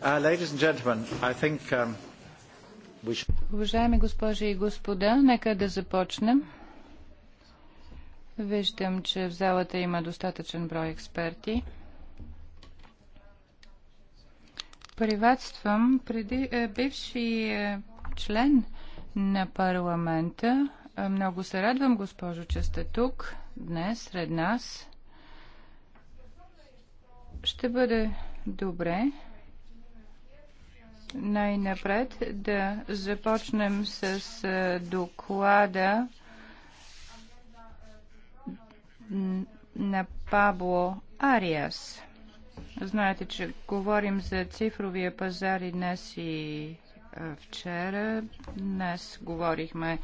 Uh, um, Уважаеми госпожи и господа, нека да започнем. Виждам, че в залата има достатъчен брой експерти. Приветствам преди, е, бивши е, член на парламента много се радвам, госпожо, че сте тук днес сред нас. Ще бъде добре най-напред да започнем с доклада на Пабло Ариас. Знаете, че говорим за цифровия пазар и днес и вчера. Днес говорихме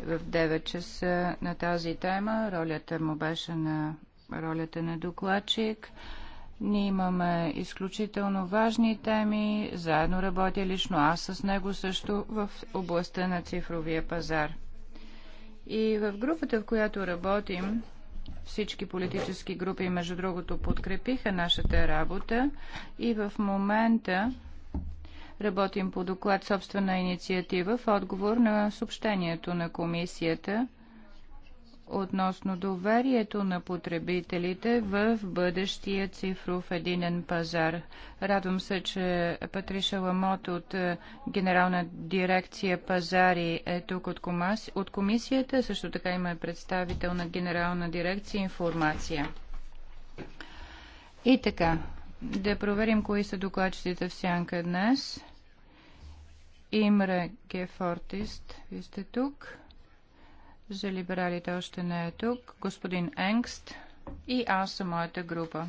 в 9 часа на тази тема. Ролята му беше на ролята на докладчик. Ние имаме изключително важни теми. Заедно работя лично аз с него също в областта на цифровия пазар. И в групата, в която работим, всички политически групи, между другото, подкрепиха нашата работа и в момента Работим по доклад собствена инициатива в отговор на съобщението на комисията относно доверието на потребителите в бъдещия цифров единен пазар. Радвам се, че Патриша Ламот от е, Генерална дирекция пазари е тук от, комас... от комисията. Също така има представител на Генерална дирекция информация. И така, да проверим кои са докладчиците в сянка днес. Имре Гефортист, вие сте тук. За либералите още не е тук. Господин Енгст и аз съм моята група.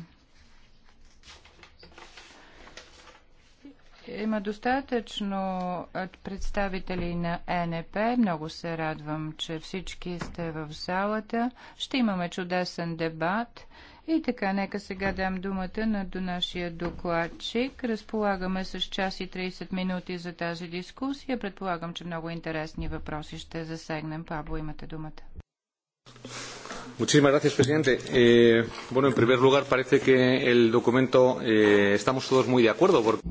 Има достатъчно представители на НП. Много се радвам, че всички сте в залата. Ще имаме чудесен дебат. И така, нека сега дам думата на до нашия докладчик. Разполагаме с час и 30 минути за тази дискусия. Предполагам, че много интересни въпроси ще засегнем. Пабло, имате думата. Muchísimas gracias, presidente. Eh, bueno, en primer lugar, parece que el documento eh, estamos todos muy de acuerdo. Porque...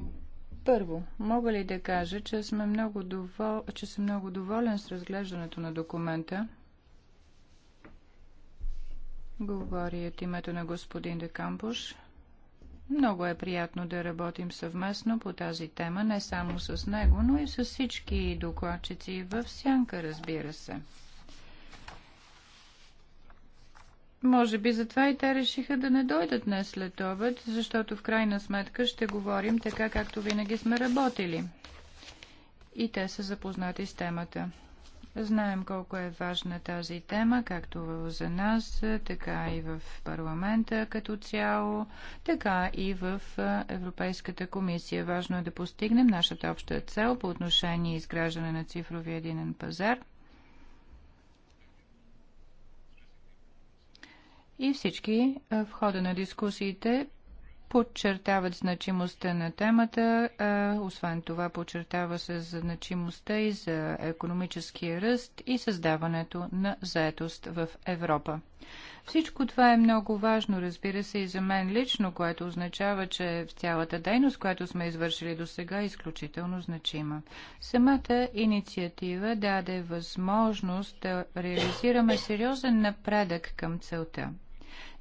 Първо, мога ли да кажа, че, съм много довол... че съм много доволен с разглеждането на документа? Говори от името на господин Декампуш. Много е приятно да работим съвместно по тази тема, не само с него, но и с всички докладчици в сянка, разбира се. Може би затова и те решиха да не дойдат днес след обед, защото в крайна сметка ще говорим така, както винаги сме работили. И те са запознати с темата. Знаем колко е важна тази тема, както за нас, така и в парламента като цяло, така и в Европейската комисия. Важно е да постигнем нашата обща цел по отношение изграждане на цифровия единен пазар. И всички в хода на дискусиите подчертават значимостта на темата. Освен това, подчертава се значимостта и за економическия ръст и създаването на заетост в Европа. Всичко това е много важно, разбира се, и за мен лично, което означава, че цялата дейност, която сме извършили до сега, е изключително значима. Самата инициатива даде възможност да реализираме сериозен напредък към целта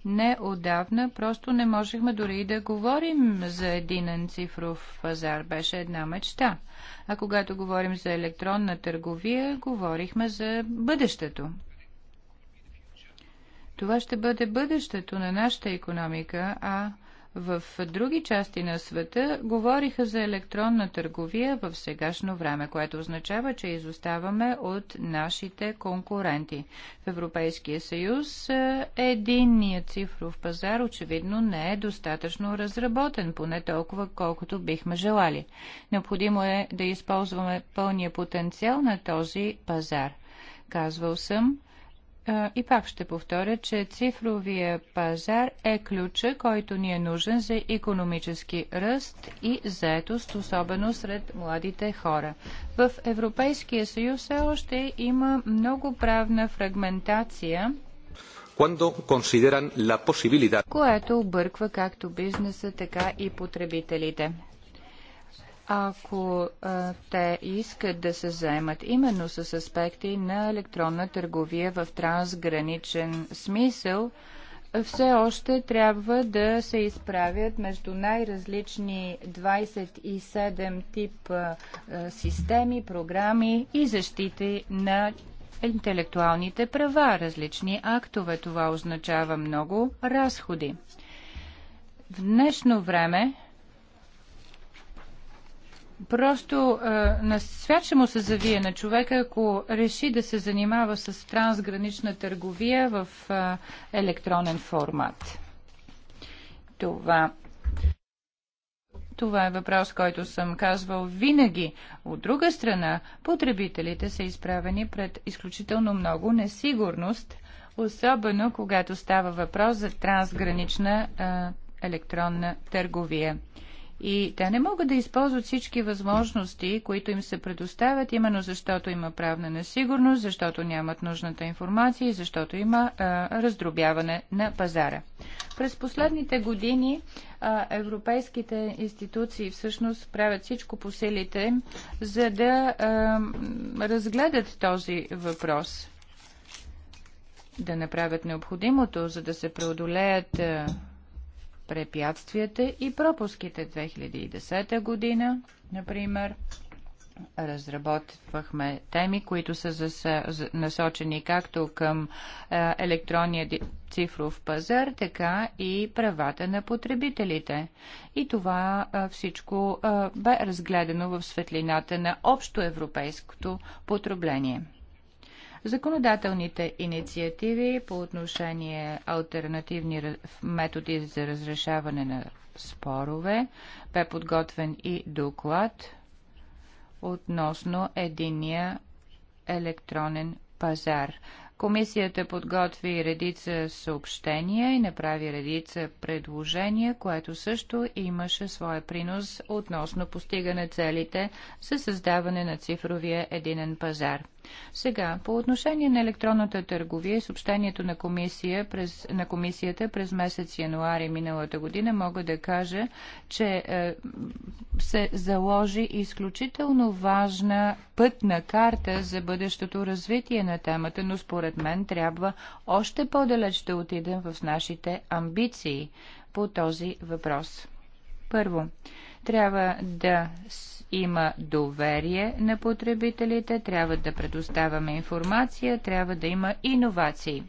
не отдавна просто не можехме дори и да говорим за един цифров пазар. Беше една мечта. А когато говорим за електронна търговия, говорихме за бъдещето. Това ще бъде бъдещето на нашата економика, а в други части на света говориха за електронна търговия в сегашно време, което означава, че изоставаме от нашите конкуренти. В Европейския съюз е, единният цифров пазар очевидно не е достатъчно разработен, поне толкова колкото бихме желали. Необходимо е да използваме пълния потенциал на този пазар. Казвал съм, и пак ще повторя, че цифровия пазар е ключа, който ни е нужен за економически ръст и заетост, особено сред младите хора. В Европейския съюз все още има много правна фрагментация cuando consideran la posibilidad. Което обърква както бизнеса, така и потребителите ако а, те искат да се заемат именно с аспекти на електронна търговия в трансграничен смисъл, все още трябва да се изправят между най-различни 27 тип а, системи, програми и защити на интелектуалните права, различни актове. Това означава много разходи. В днешно време просто е, на свят ще му се завие на човека, ако реши да се занимава с трансгранична търговия в е, електронен формат. Това това е въпрос, който съм казвал винаги. От друга страна, потребителите са изправени пред изключително много несигурност, особено когато става въпрос за трансгранична а, е, електронна търговия. И те не могат да използват всички възможности, които им се предоставят, именно защото има правна несигурност, защото нямат нужната информация и защото има а, раздробяване на пазара. През последните години а, европейските институции всъщност правят всичко по силите за да а, разгледат този въпрос, да направят необходимото, за да се преодолеят. А, препятствията и пропуските 2010 година, например, разработвахме теми, които са насочени както към е, електронния цифров пазар, така и правата на потребителите. И това е, всичко е, бе разгледано в светлината на общоевропейското потребление. Законодателните инициативи по отношение альтернативни методи за разрешаване на спорове бе подготвен и доклад относно единия електронен пазар. Комисията подготви редица съобщения и направи редица предложения, което също имаше своя принос относно постигане целите за създаване на цифровия единен пазар. Сега, по отношение на електронната търговия и съобщението на, комисия през, на комисията през месец януари миналата година, мога да кажа, че е, се заложи изключително важна пътна карта за бъдещото развитие на темата, но според мен трябва още по-далеч да отидем в нашите амбиции по този въпрос. Първо, трябва да има доверие на потребителите, трябва да предоставяме информация, трябва да има иновации.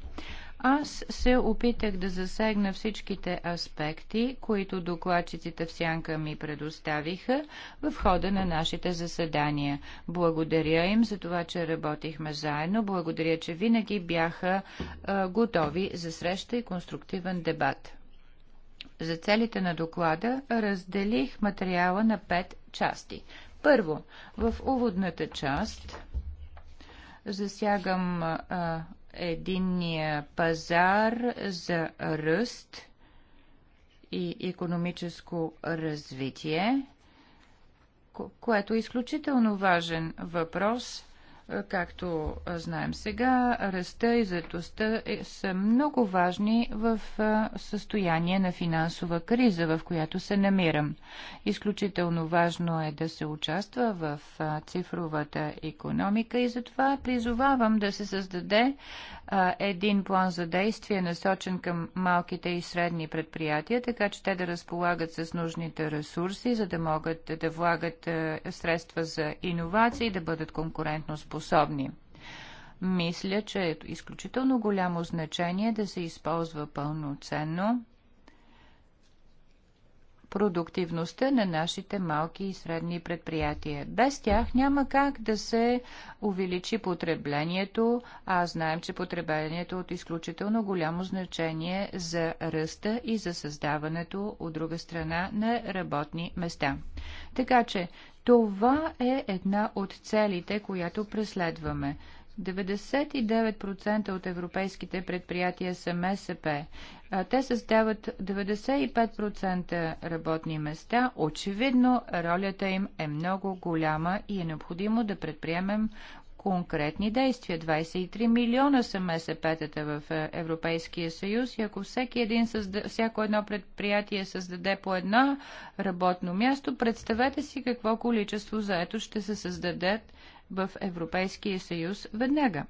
Аз се опитах да засегна всичките аспекти, които докладчиците в сянка ми предоставиха в хода на нашите заседания. Благодаря им за това, че работихме заедно. Благодаря, че винаги бяха а, готови за среща и конструктивен дебат. За целите на доклада разделих материала на пет части. Първо, в уводната част засягам а, единния пазар за ръст и економическо развитие, което е изключително важен въпрос Както знаем сега, ръста и заетостта е, са много важни в състояние на финансова криза, в която се намирам. Изключително важно е да се участва в цифровата економика и затова призовавам да се създаде един план за действие, насочен към малките и средни предприятия, така че те да разполагат с нужните ресурси, за да могат да влагат средства за иновации, да бъдат конкурентно способни способни. Мисля, че е изключително голямо значение да се използва пълноценно продуктивността на нашите малки и средни предприятия. Без тях няма как да се увеличи потреблението, а знаем, че потреблението е от изключително голямо значение за ръста и за създаването, от друга страна, на работни места. Така че това е една от целите, която преследваме. 99% от европейските предприятия са МСП. Те създават 95% работни места. Очевидно, ролята им е много голяма и е необходимо да предприемем конкретни действия. 23 милиона са МСП-тата в е, Европейския съюз и ако всеки един създа, всяко едно предприятие създаде по едно работно място, представете си какво количество заето ще се създадат в Европейския съюз веднага.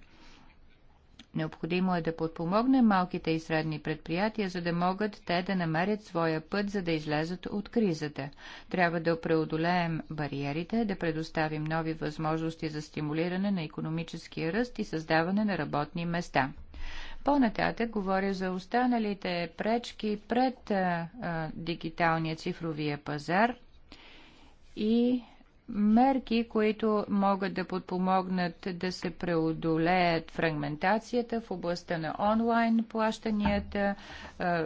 Необходимо е да подпомогнем малките и средни предприятия, за да могат те да намерят своя път, за да излезат от кризата. Трябва да преодолеем бариерите, да предоставим нови възможности за стимулиране на економическия ръст и създаване на работни места. По-нататък говоря за останалите пречки пред а, а, дигиталния цифровия пазар и мерки, които могат да подпомогнат да се преодолеят фрагментацията в областта на онлайн плащанията,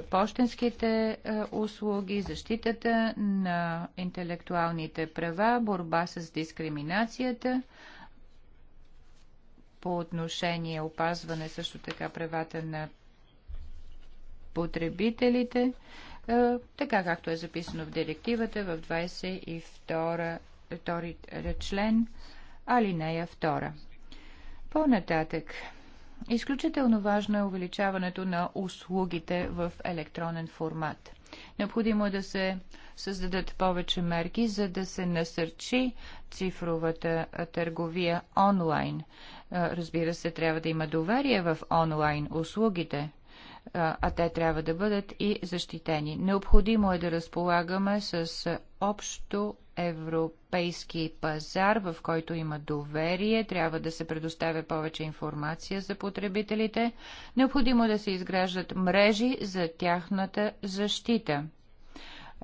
почтенските услуги, защитата на интелектуалните права, борба с дискриминацията по отношение опазване също така правата на потребителите, така както е записано в директивата в 22 втори член, алинея 2. По-нататък. Изключително важно е увеличаването на услугите в електронен формат. Необходимо е да се създадат повече мерки, за да се насърчи цифровата търговия онлайн. Разбира се, трябва да има доверие в онлайн услугите, а те трябва да бъдат и защитени. Необходимо е да разполагаме с общо европейски пазар, в който има доверие, трябва да се предоставя повече информация за потребителите, необходимо да се изграждат мрежи за тяхната защита,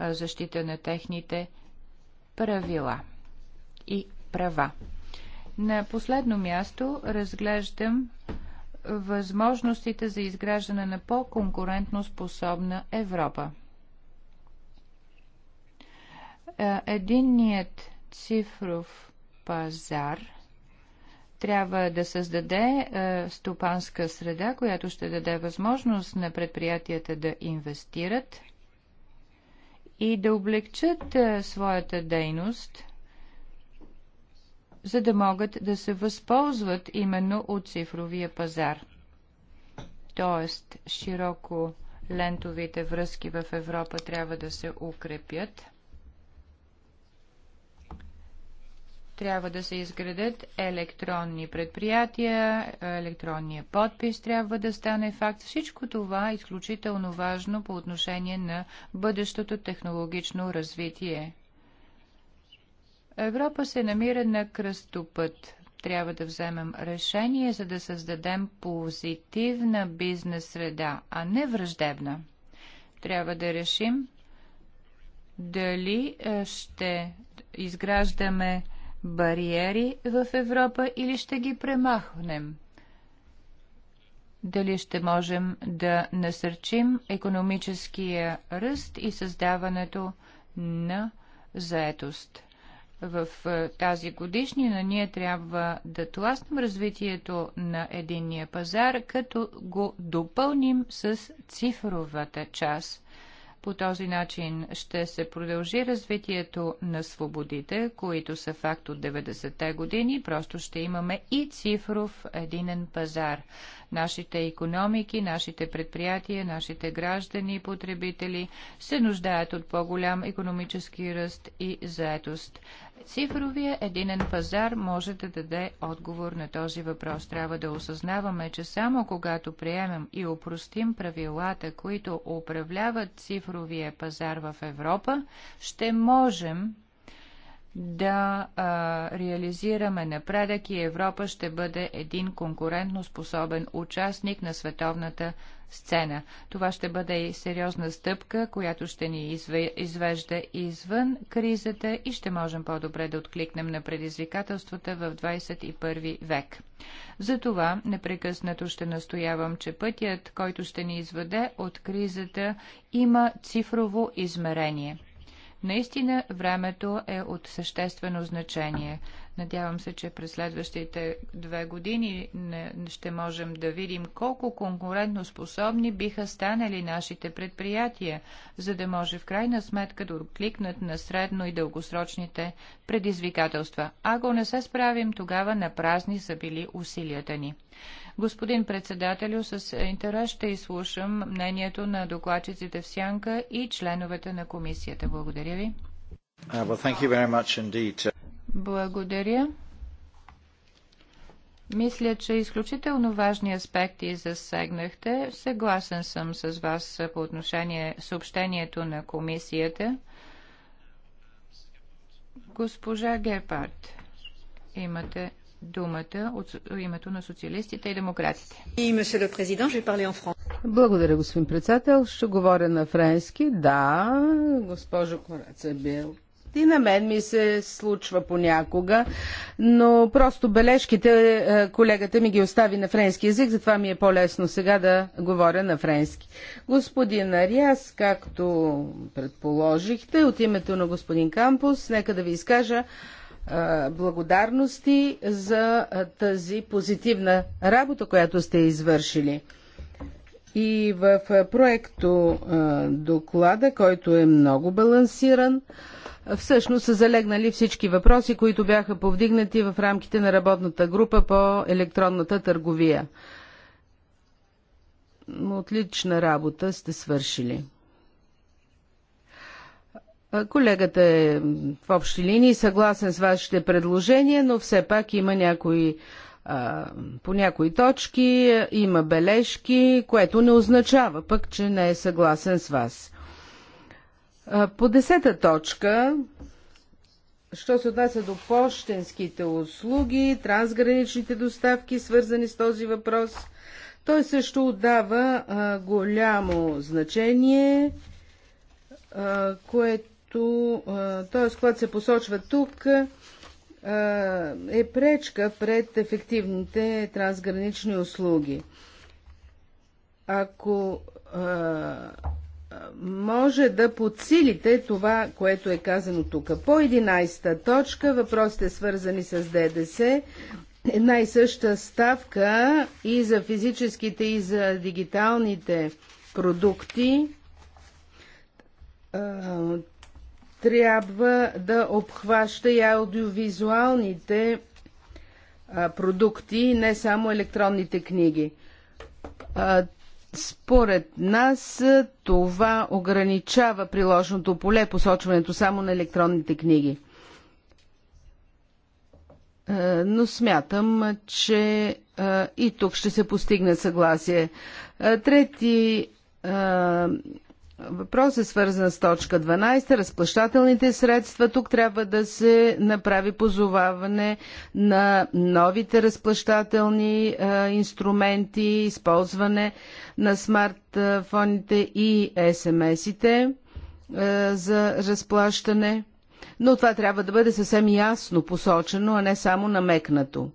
защита на техните правила и права. На последно място разглеждам възможностите за изграждане на по-конкурентно способна Европа. Е, единният цифров пазар трябва да създаде е, стопанска среда, която ще даде възможност на предприятията да инвестират и да облегчат е, своята дейност, за да могат да се възползват именно от цифровия пазар. Тоест, широко лентовите връзки в Европа трябва да се укрепят – трябва да се изградат електронни предприятия, електронния подпис трябва да стане факт. Всичко това е изключително важно по отношение на бъдещото технологично развитие. Европа се намира на кръстопът. Трябва да вземем решение, за да създадем позитивна бизнес среда, а не враждебна. Трябва да решим дали е, ще изграждаме бариери в Европа или ще ги премахнем? Дали ще можем да насърчим економическия ръст и създаването на заетост? в е, тази годишнина ние трябва да тласнем развитието на единния пазар, като го допълним с цифровата част – по този начин ще се продължи развитието на свободите, които са факт от 90-те години. Просто ще имаме и цифров единен пазар. Нашите економики, нашите предприятия, нашите граждани и потребители се нуждаят от по-голям економически ръст и заетост. Цифровия единен пазар може да даде отговор на този въпрос. Трябва да осъзнаваме, че само когато приемем и опростим правилата, които управляват цифровия пазар в Европа, ще можем да а, реализираме напредък и Европа ще бъде един конкурентно способен участник на световната сцена. Това ще бъде и сериозна стъпка, която ще ни извежда извън кризата и ще можем по-добре да откликнем на предизвикателствата в 21 век. Затова непрекъснато ще настоявам, че пътят, който ще ни изведе от кризата, има цифрово измерение – Наистина времето е от съществено значение. Надявам се, че през следващите две години ще можем да видим колко конкурентно способни биха станали нашите предприятия, за да може в крайна сметка да откликнат на средно и дългосрочните предизвикателства. Ако не се справим, тогава на празни са били усилията ни. Господин председателю, с интерес ще изслушам мнението на докладчиците в Сянка и членовете на комисията. Благодаря ви. Uh, Благодаря. Мисля, че изключително важни аспекти засегнахте. Съгласен съм с вас по отношение съобщението на комисията. Госпожа Гепард, имате думата от името на социалистите и демократите. Благодаря, господин председател. Ще говоря на френски. Да, госпожо Кораца Бил. И на мен ми се случва понякога, но просто бележките е, колегата ми ги остави на френски язик, затова ми е по-лесно сега да говоря на френски. Господин Ариас, както предположихте, от името на господин Кампус, нека да ви изкажа благодарности за тази позитивна работа, която сте извършили. И в проекто доклада, който е много балансиран, всъщност са залегнали всички въпроси, които бяха повдигнати в рамките на работната група по електронната търговия. Отлична работа сте свършили. Колегата е в общи линии съгласен с вашите предложения, но все пак има някои по някои точки има бележки, което не означава пък, че не е съгласен с вас. По десета точка, що се отнася до почтенските услуги, трансграничните доставки, свързани с този въпрос, той също отдава голямо значение, което което, т.е. което се посочва тук, е пречка пред ефективните трансгранични услуги. Ако може да подсилите това, което е казано тук. По 11-та точка въпросите свързани с ДДС. Една и съща ставка и за физическите, и за дигиталните продукти трябва да обхваща и аудиовизуалните продукти, не само електронните книги. Според нас това ограничава приложното поле, посочването само на електронните книги. Но смятам, че и тук ще се постигне съгласие. Трети Въпрос е свързан с точка 12. Разплащателните средства. Тук трябва да се направи позоваване на новите разплащателни а, инструменти, използване на смартфоните и СМС-ите за разплащане. Но това трябва да бъде съвсем ясно посочено, а не само намекнато.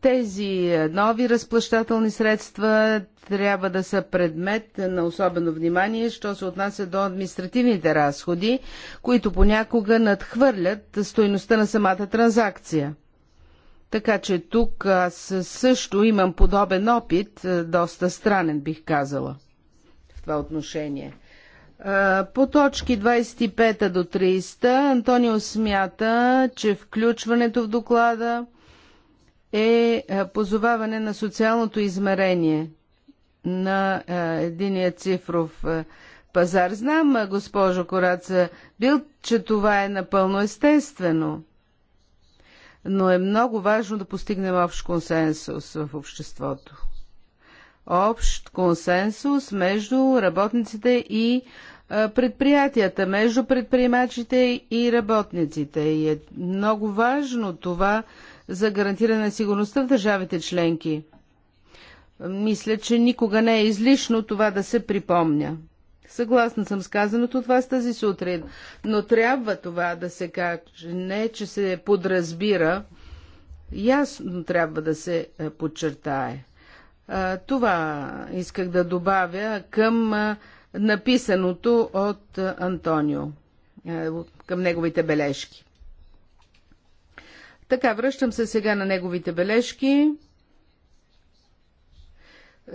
Тези е, нови разплащателни средства трябва да са предмет на особено внимание, що се отнася до административните разходи, които понякога надхвърлят стоеността на самата транзакция. Така че тук аз също имам подобен опит, е, доста странен бих казала в това отношение. Е, по точки 25 до 30 Антонио смята, че включването в доклада е, е позоваване на социалното измерение на е, единия цифров е, пазар. Знам, госпожо Кораца, бил, че това е напълно естествено, но е много важно да постигнем общ консенсус в обществото. Общ консенсус между работниците и предприятията, между предприемачите и работниците. И е много важно това за гарантиране на сигурността в държавите членки. Мисля, че никога не е излишно това да се припомня. Съгласна съм с казаното от вас тази сутрин, но трябва това да се каже. Не, че се подразбира, ясно трябва да се е, подчертае. Това исках да добавя към написаното от Антонио, към неговите бележки. Така, връщам се сега на неговите бележки.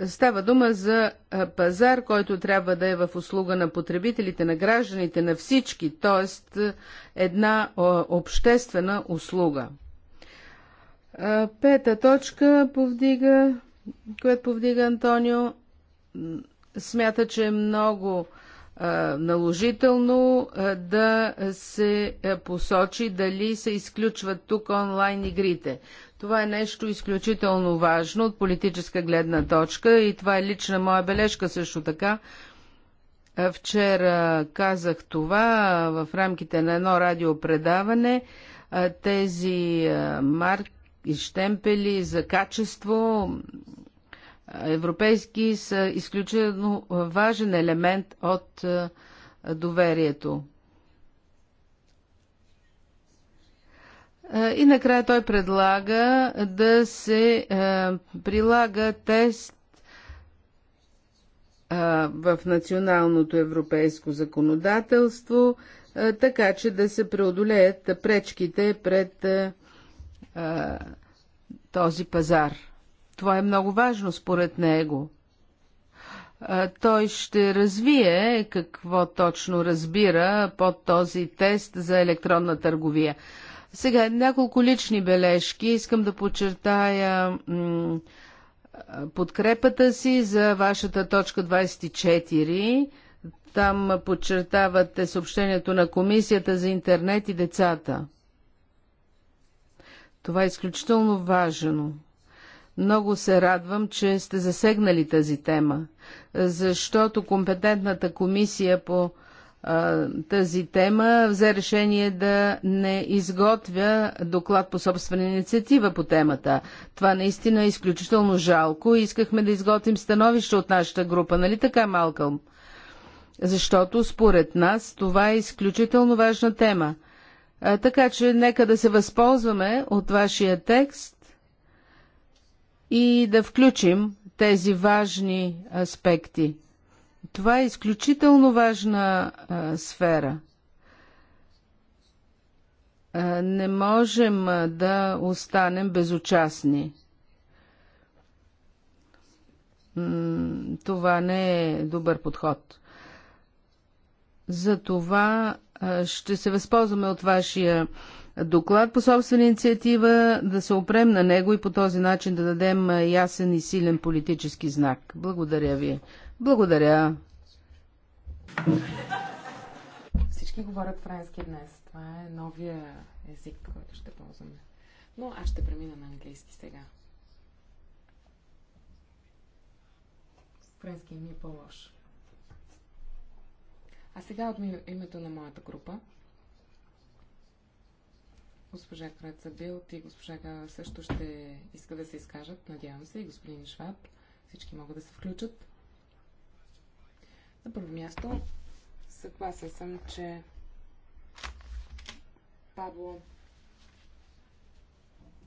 Става дума за пазар, който трябва да е в услуга на потребителите, на гражданите, на всички, т.е. една обществена услуга. Пета точка повдига, която повдига Антонио, смята, че е много наложително да се посочи дали се изключват тук онлайн игрите. Това е нещо изключително важно от политическа гледна точка и това е лична моя бележка също така. Вчера казах това в рамките на едно радиопредаване. Тези марки, штемпели за качество европейски са изключително важен елемент от е, доверието. Е, и накрая той предлага да се е, прилага тест в националното европейско законодателство, така че да се преодолеят пречките пред този пазар. Това е много важно според него. Той ще развие какво точно разбира под този тест за електронна търговия. Сега няколко лични бележки. Искам да подчертая подкрепата си за вашата точка 24. Там подчертавате съобщението на Комисията за интернет и децата. Това е изключително важно. Много се радвам, че сте засегнали тази тема, защото компетентната комисия по а, тази тема взе решение да не изготвя доклад по собствена инициатива по темата. Това наистина е изключително жалко. Искахме да изготвим становище от нашата група, нали така, Малкълм? Защото според нас това е изключително важна тема. А, така че нека да се възползваме от вашия текст и да включим тези важни аспекти. Това е изключително важна а, сфера. А, не можем да останем безучастни. това не е добър подход. Затова ще се възползваме от вашия доклад по собствена инициатива, да се опрем на него и по този начин да дадем ясен и силен политически знак. Благодаря ви. Благодаря. Всички говорят френски днес. Това е новия език, който ще ползваме. Но аз ще премина на английски сега. Френски ми е по-лош. А сега от името на моята група – Госпожа Краца Билт и госпожа Гава също ще иска да се изкажат, надявам се, и господин Шваб. Всички могат да се включат. На първо място, съгласен съм, че Пабло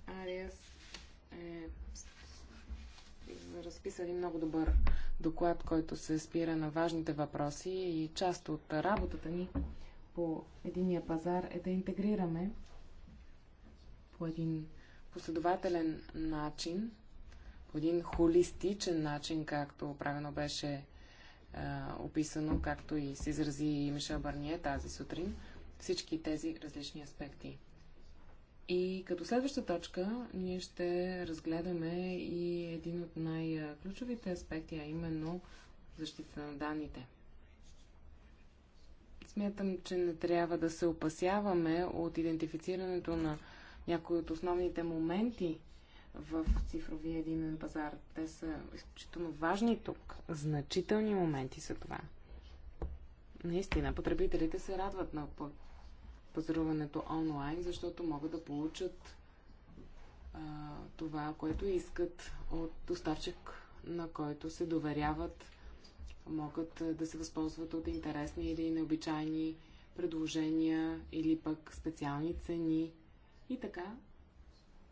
Ариас е разписали много добър доклад, който се спира на важните въпроси и част от работата ни по единия пазар е да интегрираме по един последователен начин, по един холистичен начин, както правилно беше е, описано, както и се изрази и Мишел Барние тази сутрин, всички тези различни аспекти. И като следваща точка ние ще разгледаме и един от най-ключовите аспекти, а именно защита на данните. Смятам, че не трябва да се опасяваме от идентифицирането на някои от основните моменти в цифровия единен пазар. Те са изключително важни тук. Значителни моменти са това. Наистина, потребителите се радват на пазаруването онлайн, защото могат да получат а, това, което искат от доставчик, на който се доверяват, могат да се възползват от интересни или необичайни предложения или пък специални цени и така,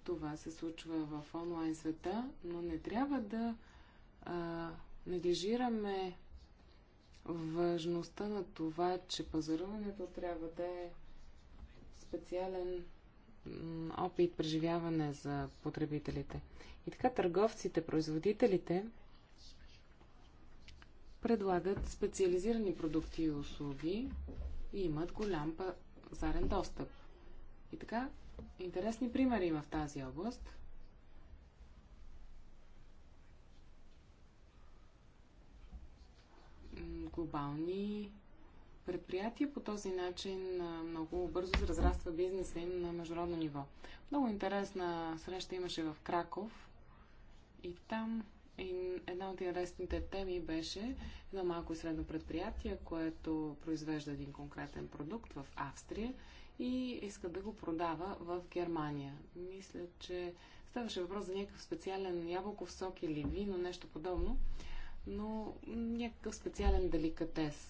това се случва в онлайн света, но не трябва да а, неглижираме важността на това, че пазаруването трябва да е специален опит, преживяване за потребителите. И така търговците, производителите предлагат специализирани продукти и услуги и имат голям пазарен достъп. И така Интересни примери има в тази област. Глобални предприятия по този начин много бързо се разраства бизнеса им на международно ниво. Много интересна среща имаше в Краков и там една от интересните теми беше едно малко и средно предприятие, което произвежда един конкретен продукт в Австрия и иска да го продава в Германия. Мисля, че ставаше въпрос за някакъв специален ябълков сок или вино, нещо подобно, но някакъв специален деликатес.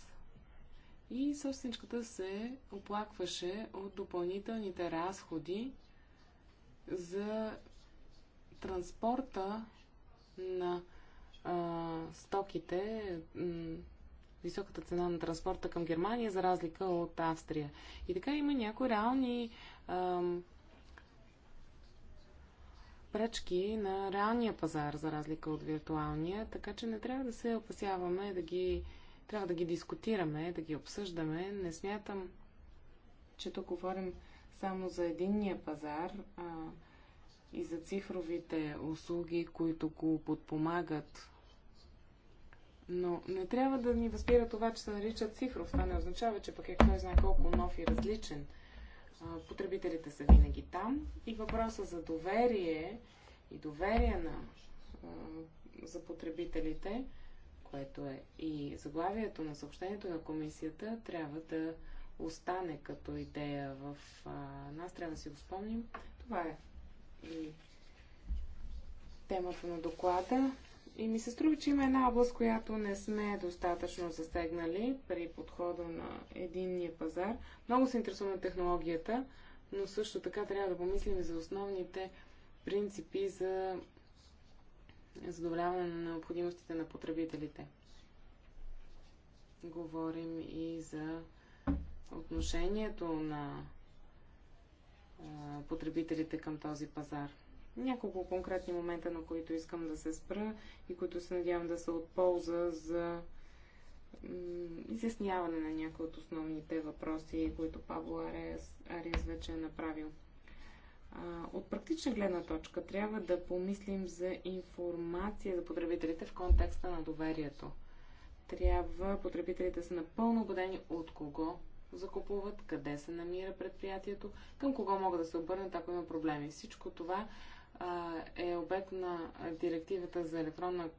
И собственичката се оплакваше от допълнителните разходи за транспорта на а, стоките високата цена на транспорта към Германия, за разлика от Австрия. И така има някои реални ам, пречки на реалния пазар, за разлика от виртуалния, така че не трябва да се опасяваме да ги. Трябва да ги дискутираме, да ги обсъждаме. Не смятам, че тук говорим само за единния пазар а, и за цифровите услуги, които го подпомагат но не трябва да ни възпира това, че се нарича цифров. Това не означава, че пък е кой знае колко нов и различен. Потребителите са винаги там. И въпроса за доверие и доверие на, за потребителите, което е и заглавието на съобщението на комисията, трябва да остане като идея в нас. Трябва да си го спомним. Това е и темата на доклада. И ми се струва, че има една област, която не сме достатъчно засегнали при подхода на единния пазар. Много се интересуваме технологията, но също така трябва да помислим за основните принципи за задоволяване на необходимостите на потребителите. Говорим и за отношението на потребителите към този пазар. Няколко конкретни момента, на които искам да се спра и които се надявам да са от полза за изясняване на някои от основните въпроси, които Павло Ариас, Ариас вече е направил. От практична гледна точка трябва да помислим за информация за потребителите в контекста на доверието. Трябва потребителите да са напълно убедени от кого закупуват, къде се намира предприятието, към кого могат да се обърнат, ако има проблеми. Всичко това е обект на директивата за електронна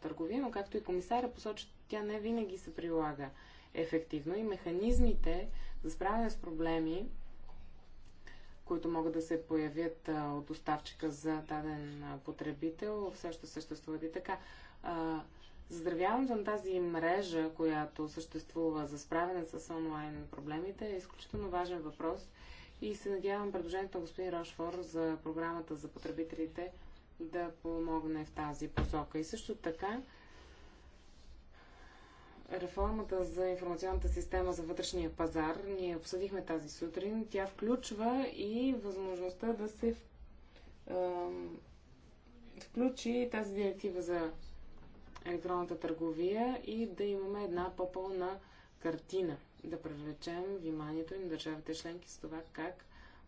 търговия, но както и комисаря посочи, тя не винаги се прилага ефективно и механизмите за справяне с проблеми, които могат да се появят от доставчика за даден потребител, все ще съществуват и така. Заздравяването на тази мрежа, която съществува за справяне с онлайн проблемите, е изключително важен въпрос и се надявам предложението на господин Рошфор за програмата за потребителите да помогне в тази посока. И също така, реформата за информационната система за вътрешния пазар, ние обсъдихме тази сутрин, тя включва и възможността да се включи тази директива за електронната търговия и да имаме една по-пълна картина – да привлечем вниманието и на държавите членки с това как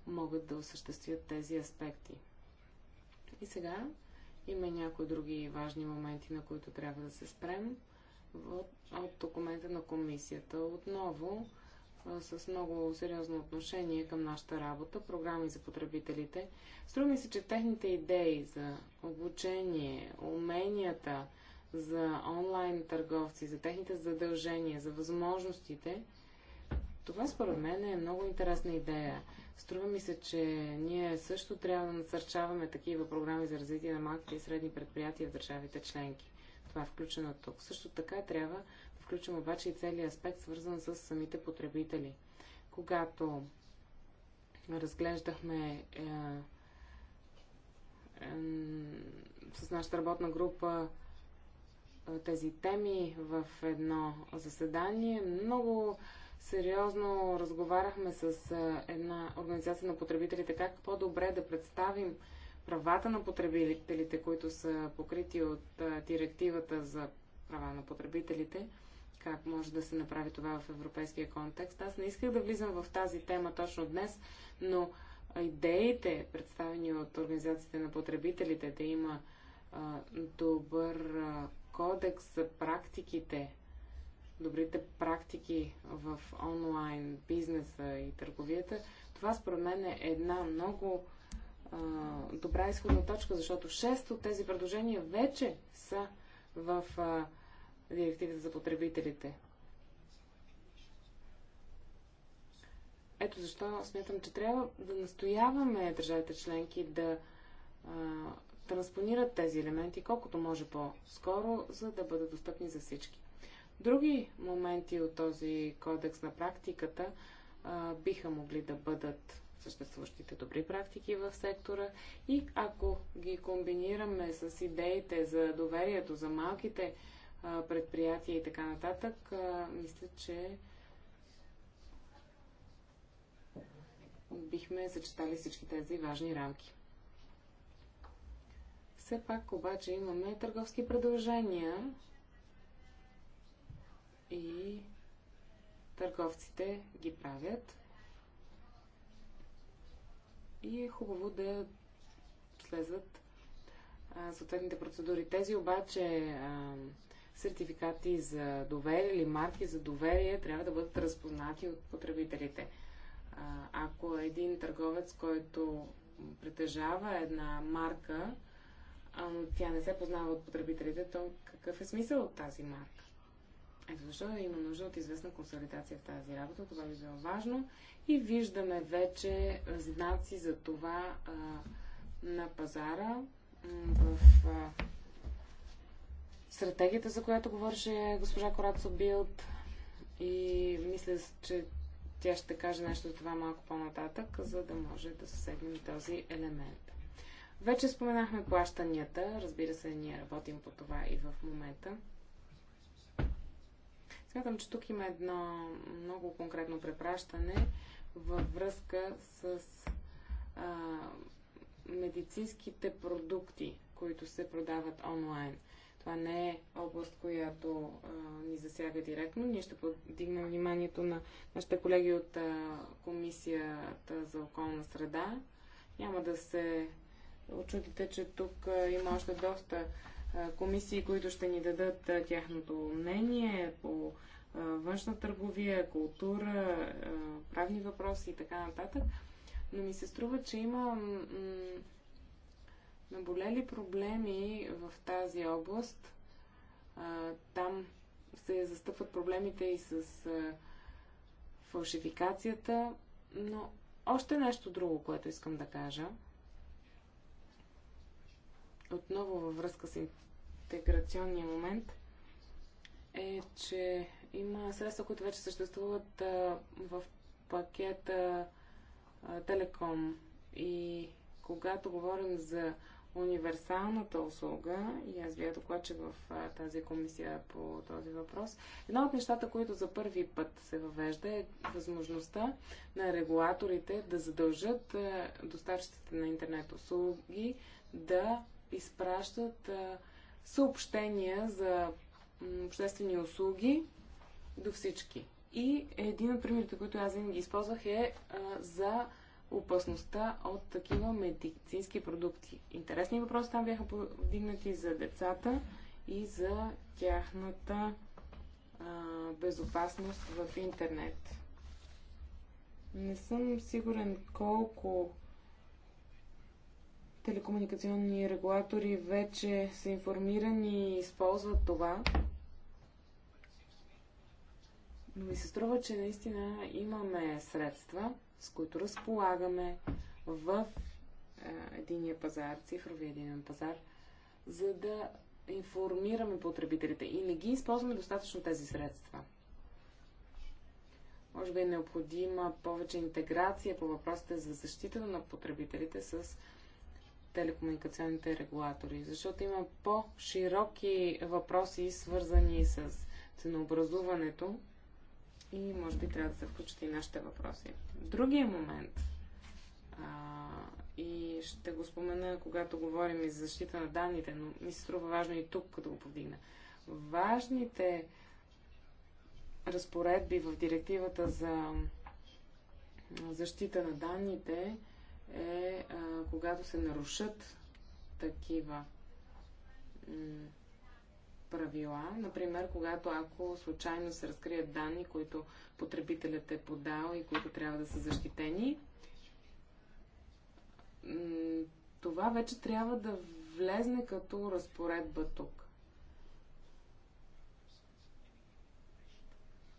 могат да осъществят тези аспекти. И сега има някои други важни моменти, на които трябва да се спрем от, от документа на комисията. Отново с много сериозно отношение към нашата работа, програми за потребителите. Струва ми се, че техните идеи за обучение, уменията за онлайн търговци, за техните задължения, за възможностите това според мен е много интересна идея. Струва ми се, че ние също трябва да насърчаваме такива програми за развитие на малките и средни предприятия в държавите членки. Това е включено тук. Също така трябва да включим обаче и целият аспект, свързан с самите потребители. Когато разглеждахме е, е, с нашата работна група е, тези теми в едно заседание, много сериозно разговаряхме с една организация на потребителите как по-добре да представим правата на потребителите, които са покрити от директивата за права на потребителите, как може да се направи това в европейския контекст. Аз не исках да влизам в тази тема точно днес, но идеите, представени от организациите на потребителите, да има добър кодекс за практиките, добрите практики в онлайн бизнеса и търговията, това според мен е една много а, добра изходна точка, защото 6 от тези предложения вече са в а, директивата за потребителите. Ето защо смятам, че трябва да настояваме държавите членки да а, транспонират тези елементи колкото може по-скоро, за да бъдат достъпни за всички. Други моменти от този кодекс на практиката а, биха могли да бъдат съществуващите добри практики в сектора и ако ги комбинираме с идеите за доверието за малките а, предприятия и така нататък, а, мисля, че бихме съчетали всички тези важни рамки. Все пак обаче имаме търговски предложения, и търговците ги правят. И е хубаво да следват съответните процедури. Тези обаче сертификати за доверие или марки за доверие трябва да бъдат разпознати от потребителите. ако един търговец, който притежава една марка, но тя не се познава от потребителите, то какъв е смисъл от тази марка? Ето защо има нужда от известна консолидация в тази работа. Това би е било важно. И виждаме вече знаци за това а, на пазара в а, стратегията, за която говореше госпожа Корацо Билд. И мисля, че тя ще каже нещо за това малко по-нататък, за да може да съседнем този елемент. Вече споменахме плащанията. Разбира се, ние работим по това и в момента. Смятам, че тук има едно много конкретно препращане във връзка с а, медицинските продукти, които се продават онлайн. Това не е област, която а, ни засяга директно. Ние ще подигнем вниманието на нашите колеги от а, Комисията за околна среда. Няма да се очудите, че тук а, има още доста комисии, които ще ни дадат тяхното мнение по външна търговия, култура, правни въпроси и така нататък. Но ми се струва, че има наболели проблеми в тази област. Там се застъпват проблемите и с фалшификацията, но още нещо друго, което искам да кажа – отново във връзка с интеграционния момент, е, че има средства, които вече съществуват а, в пакета а, Телеком. И когато говорим за универсалната услуга, и аз бях докладче в а, тази комисия по този въпрос, едно от нещата, които за първи път се въвежда е възможността на регулаторите да задължат а, доставчиците на интернет услуги да изпращат съобщения за обществени услуги до всички. И един от примерите, които аз винаги използвах е а, за опасността от такива медицински продукти. Интересни въпроси там бяха повдигнати за децата и за тяхната а, безопасност в интернет. Не съм сигурен колко Телекомуникационни регулатори вече са информирани и използват това. Но ми се струва, че наистина имаме средства, с които разполагаме в е, единия пазар, цифровия единен пазар, за да информираме потребителите и не ги използваме достатъчно тези средства. Може би е необходима повече интеграция по въпросите за защита на потребителите с телекомуникационните регулатори, защото има по-широки въпроси, свързани с ценообразуването и може би трябва да се включат и нашите въпроси. Другия момент, а, и ще го спомена, когато говорим и за защита на данните, но ми се струва важно и тук да го повдигна. Важните разпоредби в директивата за защита на данните – е а, когато се нарушат такива правила. Например, когато ако случайно се разкрият данни, които потребителят е подал и които трябва да са защитени, това вече трябва да влезне като разпоредба тук.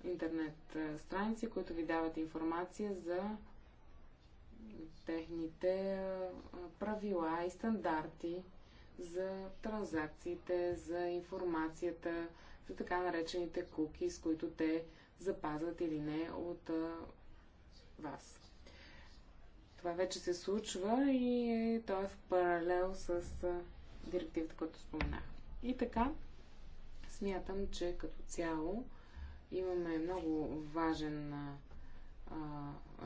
Интернет страници, които ви дават информация за техните правила и стандарти за транзакциите, за информацията, за така наречените куки, с които те запазват или не от вас. Това вече се случва и е, то е в паралел с директивата, която споменах. И така, смятам, че като цяло имаме много важен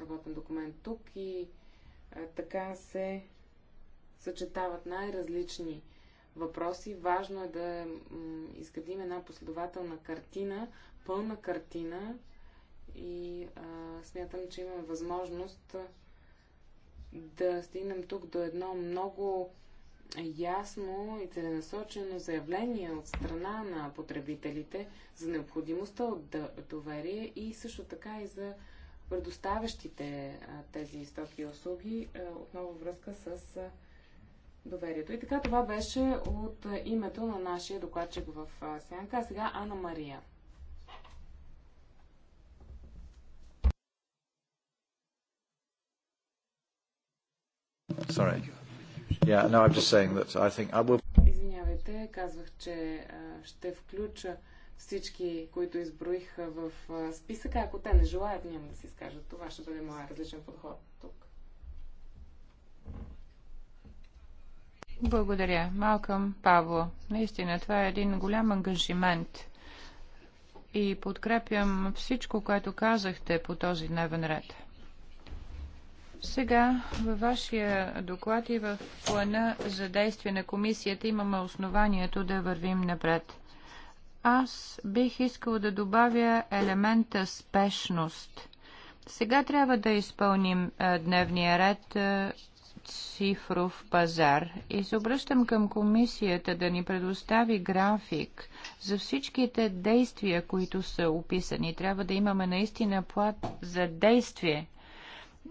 работен документ тук и така се съчетават най-различни въпроси. Важно е да изградим една последователна картина, пълна картина и а, смятам, че имаме възможност да стигнем тук до едно много ясно и целенасочено заявление от страна на потребителите за необходимостта от доверие и също така и за предоставящите тези стоки и услуги, отново връзка с доверието. И така това беше от името на нашия докладчик в Сянка, а сега Анна Мария. Sorry. Yeah, no, I'm just saying that I think I will... Извинявайте, казвах, че ще включа всички, които изброих в списъка. Ако те не желаят, няма да се изкажат. Това ще бъде моя различен подход тук. Благодаря. Малкам Павло. Наистина, това е един голям ангажимент. И подкрепям всичко, което казахте по този дневен ред. Сега във вашия доклад и в плана за действие на комисията имаме основанието да вървим напред аз бих искал да добавя елемента спешност. Сега трябва да изпълним е, дневния ред е, цифров пазар и се обръщам към комисията да ни предостави график за всичките действия, които са описани. Трябва да имаме наистина плат за действие,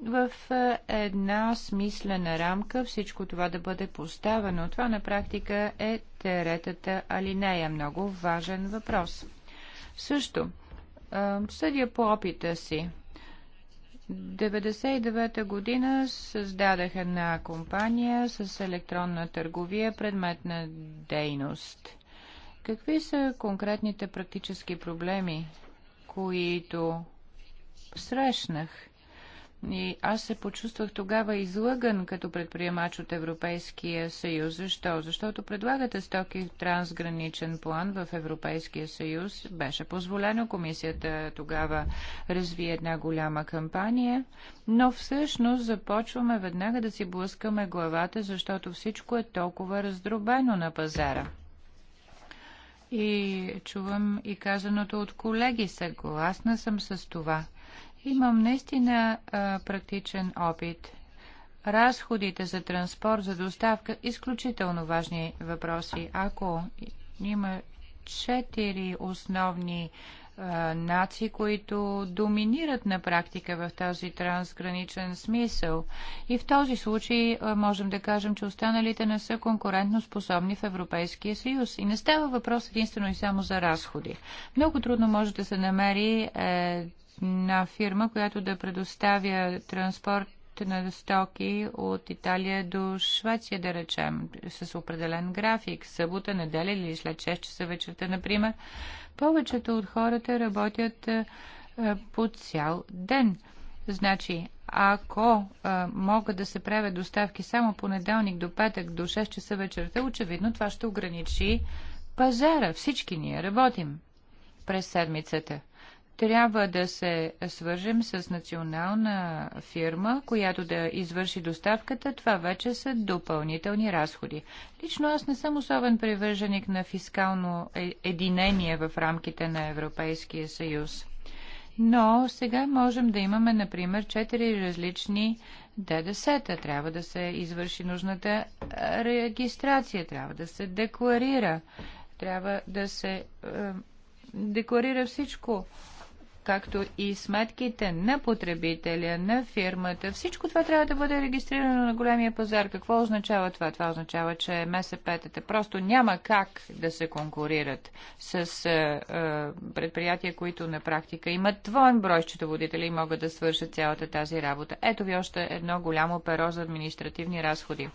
в е, една смислена рамка всичко това да бъде поставено. Това на практика е теретата алинея. Много важен въпрос. Също, е, съдя по опита си. 99-та година създадах една компания с електронна търговия, предмет на дейност. Какви са конкретните практически проблеми, които срещнах? И аз се почувствах тогава излъган като предприемач от Европейския съюз. Защо? Защото предлагате стоки в трансграничен план в Европейския съюз. Беше позволено. Комисията тогава разви една голяма кампания. Но всъщност започваме веднага да си блъскаме главата, защото всичко е толкова раздробено на пазара. И чувам и казаното от колеги. Съгласна съм с това. Имам наистина а, практичен опит. Разходите за транспорт, за доставка, изключително важни въпроси. Ако има четири основни а, нации, които доминират на практика в този трансграничен смисъл. И в този случай а, можем да кажем, че останалите не са конкурентно способни в Европейския съюз. И не става въпрос единствено и само за разходи. Много трудно може да се намери е, на фирма, която да предоставя транспорт на стоки от Италия до Швеция, да речем, с определен график, събота, неделя или след 6 часа вечерта, например, повечето от хората работят е, по цял ден. Значи, ако а, е, могат да се правят доставки само понеделник до петък до 6 часа вечерта, очевидно това ще ограничи пазара. Всички ние работим през седмицата трябва да се свържем с национална фирма, която да извърши доставката, това вече са допълнителни разходи. Лично аз не съм особен привърженик на фискално е, единение в рамките на Европейския съюз. Но сега можем да имаме, например, четири различни ДДС-та. Трябва да се извърши нужната е, регистрация, трябва да се декларира, трябва да се е, декларира всичко както и сметките на потребителя, на фирмата. Всичко това трябва да бъде регистрирано на големия пазар. Какво означава това? Това означава, че МСП-тата просто няма как да се конкурират с е, е предприятия, които на практика имат твоен брой счетоводители и могат да свършат цялата тази работа. Ето ви още едно голямо перо за административни разходи.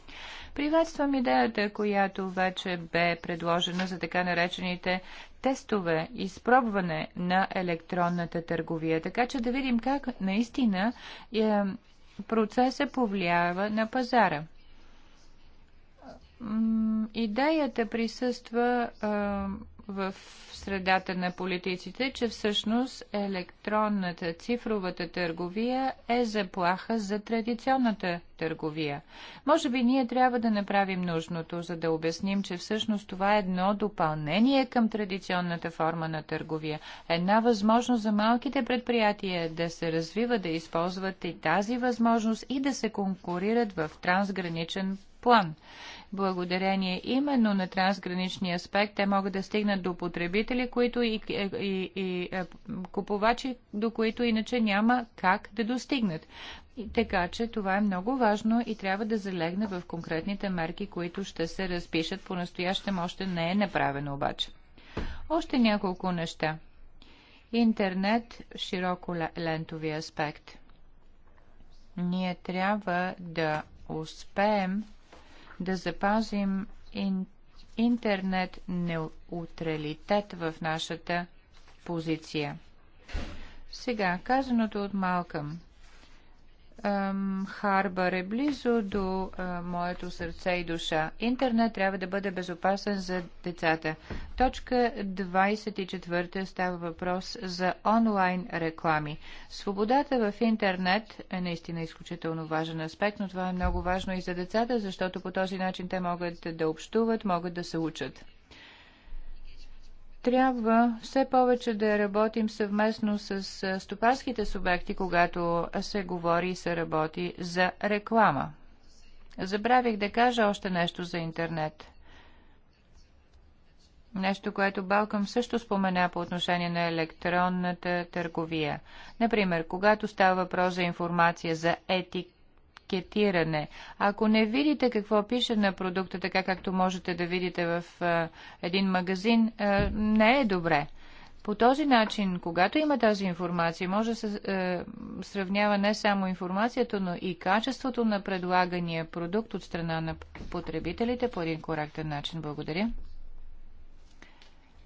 Приветствам идеята, която вече бе предложена за така наречените тестове, изпробване на електронната търговия, така че да видим как наистина е, процесът повлиява на пазара. Идеята присъства в средата на политиците, че всъщност електронната цифровата търговия е заплаха за традиционната търговия. Може би ние трябва да направим нужното, за да обясним, че всъщност това е едно допълнение към традиционната форма на търговия. Една възможност за малките предприятия да се развиват, да използват и тази възможност и да се конкурират в трансграничен план благодарение именно на трансграничния аспект, те могат да стигнат до потребители, които и, и, и е, купувачи, до които иначе няма как да достигнат. И така че това е много важно и трябва да залегне в конкретните мерки, които ще се разпишат. По-настоящем още не е направено обаче. Още няколко неща. Интернет, широко лентови аспект. Ние трябва да успеем да запазим интернет неутралитет в нашата позиция. Сега, казаното от Малкъм. Харбър е близо до моето сърце и душа. Интернет трябва да бъде безопасен за децата. Точка 24 става въпрос за онлайн реклами. Свободата в интернет е наистина изключително важен аспект, но това е много важно и за децата, защото по този начин те могат да общуват, могат да се учат трябва все повече да работим съвместно с стопанските субекти, когато се говори и се работи за реклама. Забравих да кажа още нещо за интернет. Нещо, което Балкам също спомена по отношение на електронната търговия. Например, когато става въпрос за информация за етик, етикетиране. Ако не видите какво пише на продукта, така както можете да видите в един магазин, не е добре. По този начин, когато има тази информация, може да се е, сравнява не само информацията, но и качеството на предлагания продукт от страна на потребителите по един коректен начин. Благодаря.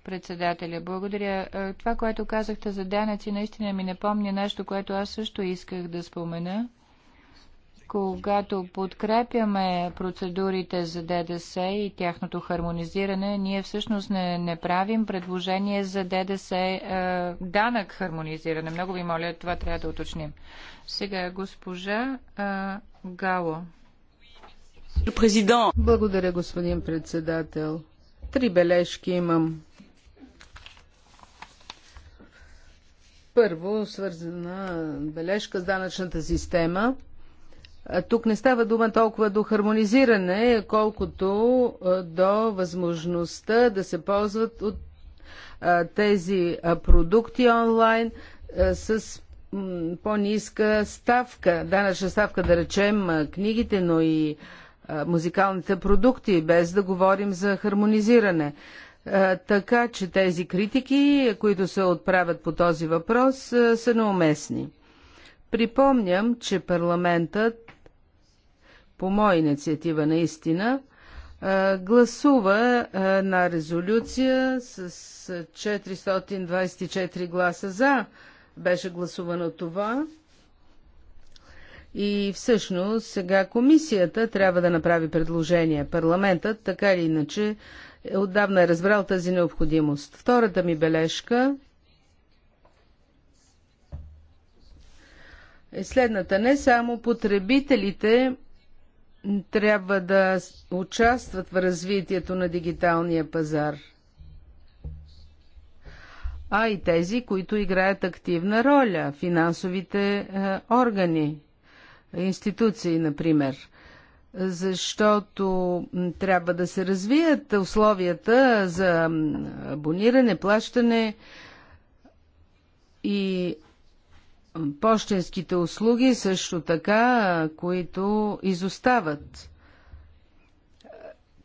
Председателя, благодаря. Това, което казахте за данъци, наистина ми напомня нещо, което аз също исках да спомена когато подкрепяме процедурите за ДДС и тяхното хармонизиране, ние всъщност не, не правим предложение за ДДС е, данък хармонизиране. Много ви моля, това трябва да уточним. Сега госпожа е, Гало. Благодаря, господин председател. Три бележки имам. Първо, свързана бележка с данъчната система – тук не става дума толкова до хармонизиране, колкото до възможността да се ползват от тези продукти онлайн с по-ниска ставка, данъчна ставка, да речем, книгите, но и музикалните продукти, без да говорим за хармонизиране. Така че тези критики, които се отправят по този въпрос, са неуместни. Припомням, че парламентът по моя инициатива наистина, гласува на резолюция с 424 гласа за. Беше гласувано това. И всъщност сега комисията трябва да направи предложение. Парламентът, така или иначе, отдавна е разбрал тази необходимост. Втората ми бележка е следната. Не само потребителите трябва да участват в развитието на дигиталния пазар, а и тези, които играят активна роля, финансовите е, органи, институции, например защото трябва да се развият условията за абониране, плащане и Пощенските услуги също така, които изостават.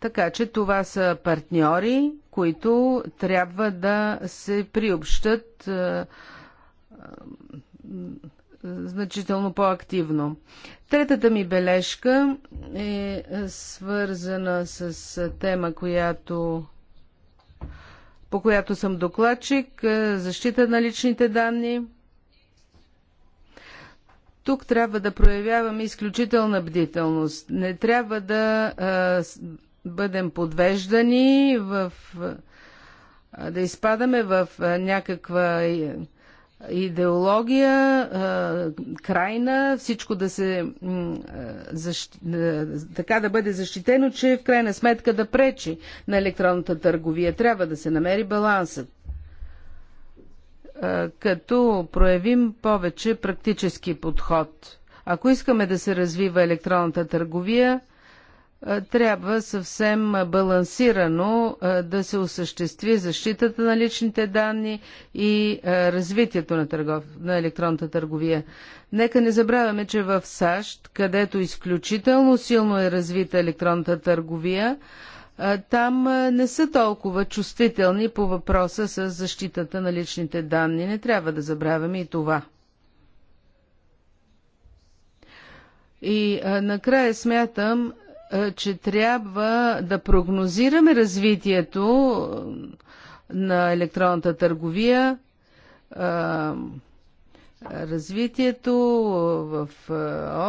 Така че това са партньори, които трябва да се приобщат е, е, значително по-активно. Третата ми бележка е свързана с тема, която по която съм докладчик, е, защита на личните данни – тук трябва да проявяваме изключителна бдителност. Не трябва да а, бъдем подвеждани в. А, да изпадаме в а, някаква идеология, крайна, всичко да се защ... така да бъде защитено, че в крайна сметка да пречи на електронната търговия. Трябва да се намери балансът. Е, като проявим повече практически подход. Ако искаме да се развива електронната търговия, е, трябва съвсем балансирано е, да се осъществи защитата на личните данни и развитието на, търгов... на електронната търговия. Нека не забравяме, че в САЩ, където изключително силно е развита електронната търговия, там не са толкова чувствителни по въпроса с защитата на личните данни. Не трябва да забравяме и това. И накрая смятам, че трябва да прогнозираме развитието на електронната търговия, развитието в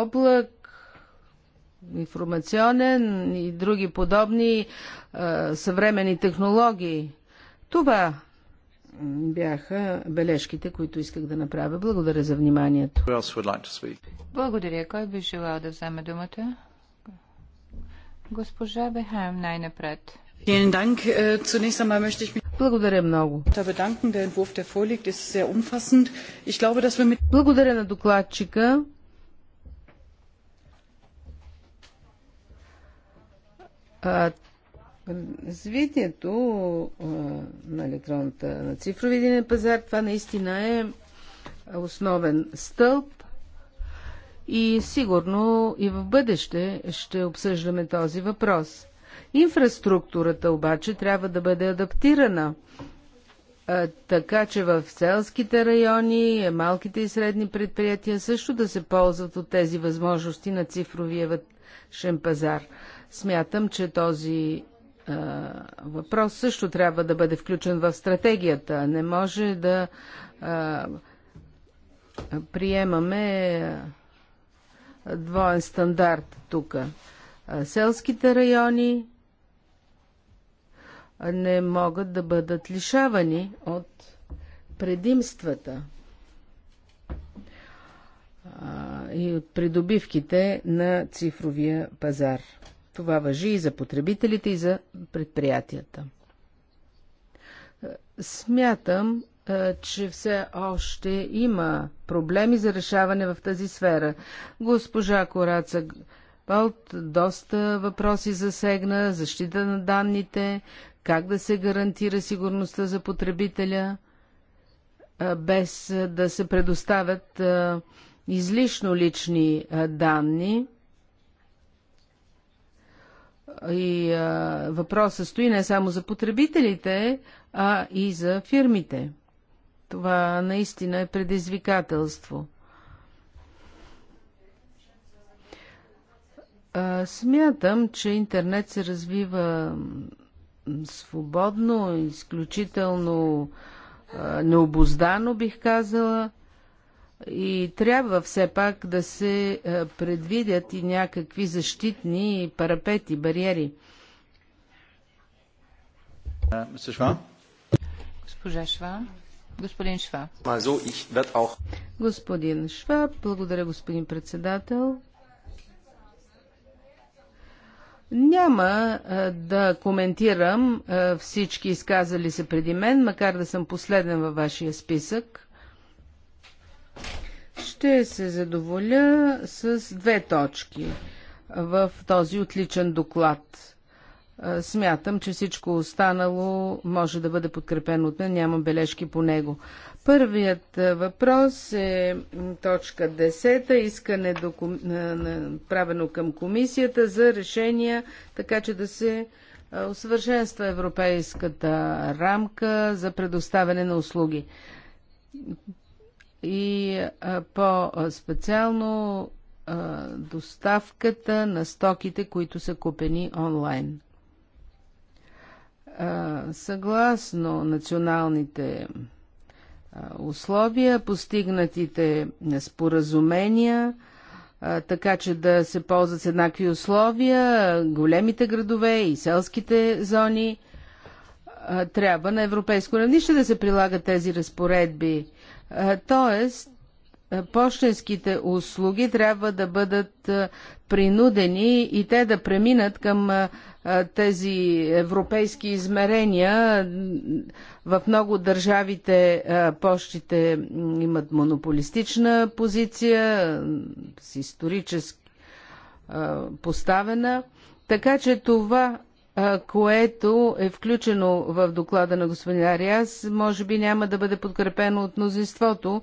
облак, информационен и други подобни а, е, съвремени технологии. Това бяха бележките, които исках да направя. Благодаря за вниманието. Благодаря. Кой би желал да вземе думата? Госпожа Бехайм най-напред. Äh, Благодаря много. Благодаря на докладчика. А, развитието а, на електронната, на цифрови единен пазар, това наистина е основен стълб и сигурно и в бъдеще ще обсъждаме този въпрос. Инфраструктурата обаче трябва да бъде адаптирана, а, така че в селските райони, малките и средни предприятия също да се ползват от тези възможности на цифровия вътрешен пазар. Смятам, че този а, въпрос също трябва да бъде включен в стратегията. Не може да а, приемаме двоен стандарт тук. Селските райони не могат да бъдат лишавани от предимствата и от придобивките на цифровия пазар. Това въжи и за потребителите, и за предприятията. Смятам, че все още има проблеми за решаване в тази сфера. Госпожа Кораца Палт доста въпроси засегна, защита на данните, как да се гарантира сигурността за потребителя, без да се предоставят излишно лични данни – и а, въпросът стои не само за потребителите, а и за фирмите. Това наистина е предизвикателство. А, смятам, че интернет се развива свободно, изключително а, необоздано, бих казала. И трябва все пак да се е, предвидят и някакви защитни парапети, бариери. Госпожа Шва. Господин Шва. Господин Шва, благодаря господин председател. Няма е, да коментирам е, всички изказали се преди мен, макар да съм последен във вашия списък. Ще се задоволя с две точки в този отличен доклад. Смятам, че всичко останало може да бъде подкрепено от мен, нямам бележки по него. Първият въпрос е точка 10, искане до, правено към комисията за решения, така че да се усъвършенства европейската рамка за предоставяне на услуги и по-специално доставката на стоките, които са купени онлайн. Съгласно националните условия, постигнатите споразумения, така че да се ползват с еднакви условия, големите градове и селските зони, трябва на европейско равнище да се прилагат тези разпоредби Тоест, почтенските услуги трябва да бъдат принудени и те да преминат към тези европейски измерения. В много държавите почтите имат монополистична позиция, с исторически поставена. Така че това което е включено в доклада на господин Ариас, може би няма да бъде подкрепено от мнозинството,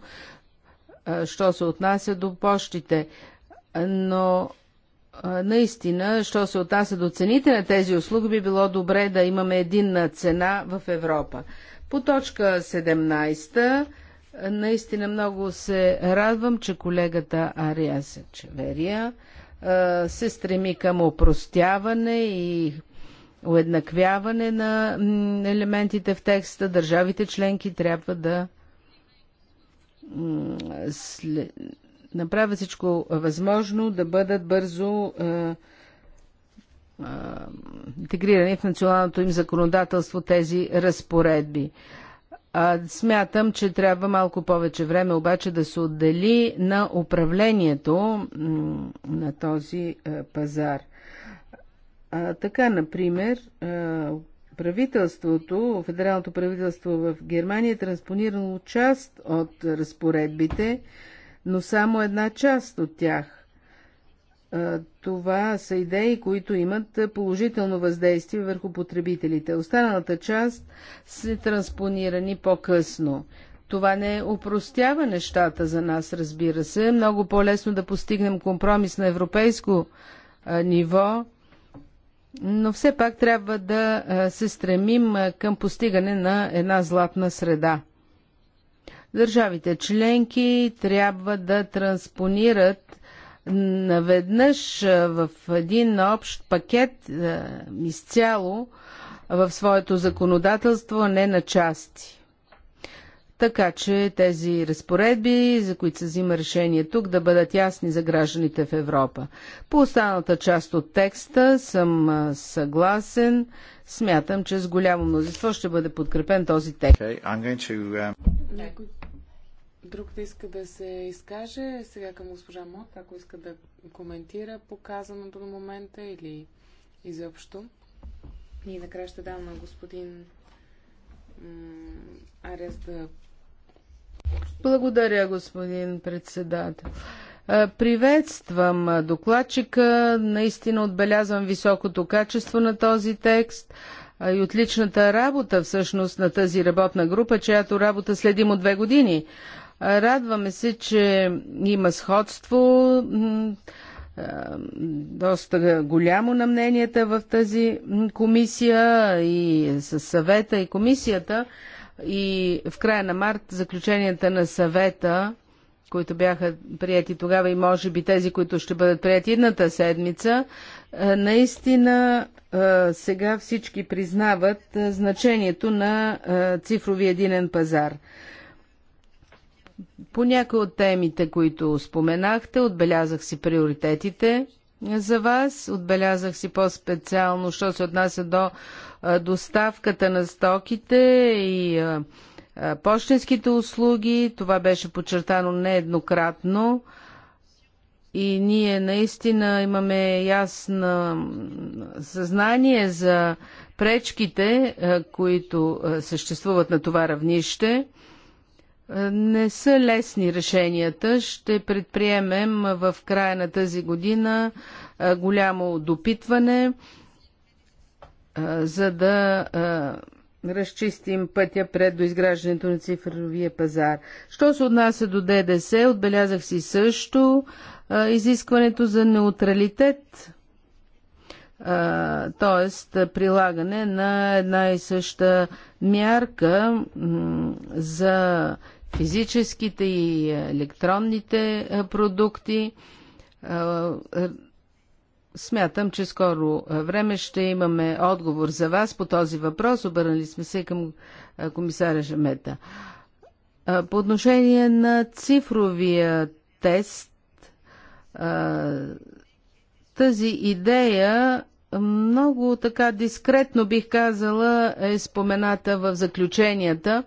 що се отнася до почтите. Но наистина, що се отнася до цените на тези услуги, би било добре да имаме единна цена в Европа. По точка 17, наистина много се радвам, че колегата Ариас Чеверия се стреми към опростяване и уеднаквяване на елементите в текста, държавите членки трябва да направят всичко възможно да бъдат бързо интегрирани в националното им законодателство тези разпоредби. А, смятам, че трябва малко повече време обаче да се отдели на управлението на този пазар. А, така, например, правителството, федералното правителство в Германия е транспонирало част от разпоредбите, но само една част от тях. Това са идеи, които имат положително въздействие върху потребителите. Останалата част са транспонирани по-късно. Това не упростява нещата за нас, разбира се. Много по-лесно да постигнем компромис на европейско ниво, но все пак трябва да се стремим към постигане на една златна среда. Държавите членки трябва да транспонират наведнъж в един общ пакет изцяло в своето законодателство, а не на части така че тези разпоредби, за които се взима решение тук, да бъдат ясни за гражданите в Европа. По останалата част от текста съм съгласен. Смятам, че с голямо мнозинство ще бъде подкрепен този текст. Okay, to... Uh, Някой друг да иска да се изкаже, сега към госпожа Мот, ако иска да коментира показаното до момента или изобщо. И накрая ще дам на господин Арест да благодаря, господин председател. Приветствам докладчика. Наистина отбелязвам високото качество на този текст и отличната работа всъщност на тази работна група, чиято работа следим от две години. Радваме се, че има сходство доста голямо на мненията в тази комисия и със съвета и комисията и в края на март заключенията на съвета, които бяха прияти тогава и може би тези, които ще бъдат прияти едната седмица, е, наистина е, сега всички признават е, значението на цифрови единен пазар. По някои от темите, които споменахте, отбелязах си приоритетите – за вас. Отбелязах си по-специално, що се отнася до доставката на стоките и почтенските услуги. Това беше подчертано нееднократно. И ние наистина имаме ясно съзнание за пречките, които съществуват на това равнище. Не са лесни решенията. Ще предприемем в края на тази година голямо допитване, за да разчистим пътя пред до изграждането на цифровия пазар. Що се отнася до ДДС, отбелязах си също изискването за неутралитет, т.е. прилагане на една и съща мярка за физическите и електронните продукти. Смятам, че скоро време ще имаме отговор за вас по този въпрос. Обърнали сме се към комисаря Жамета. По отношение на цифровия тест, тази идея много така дискретно бих казала е спомената в заключенията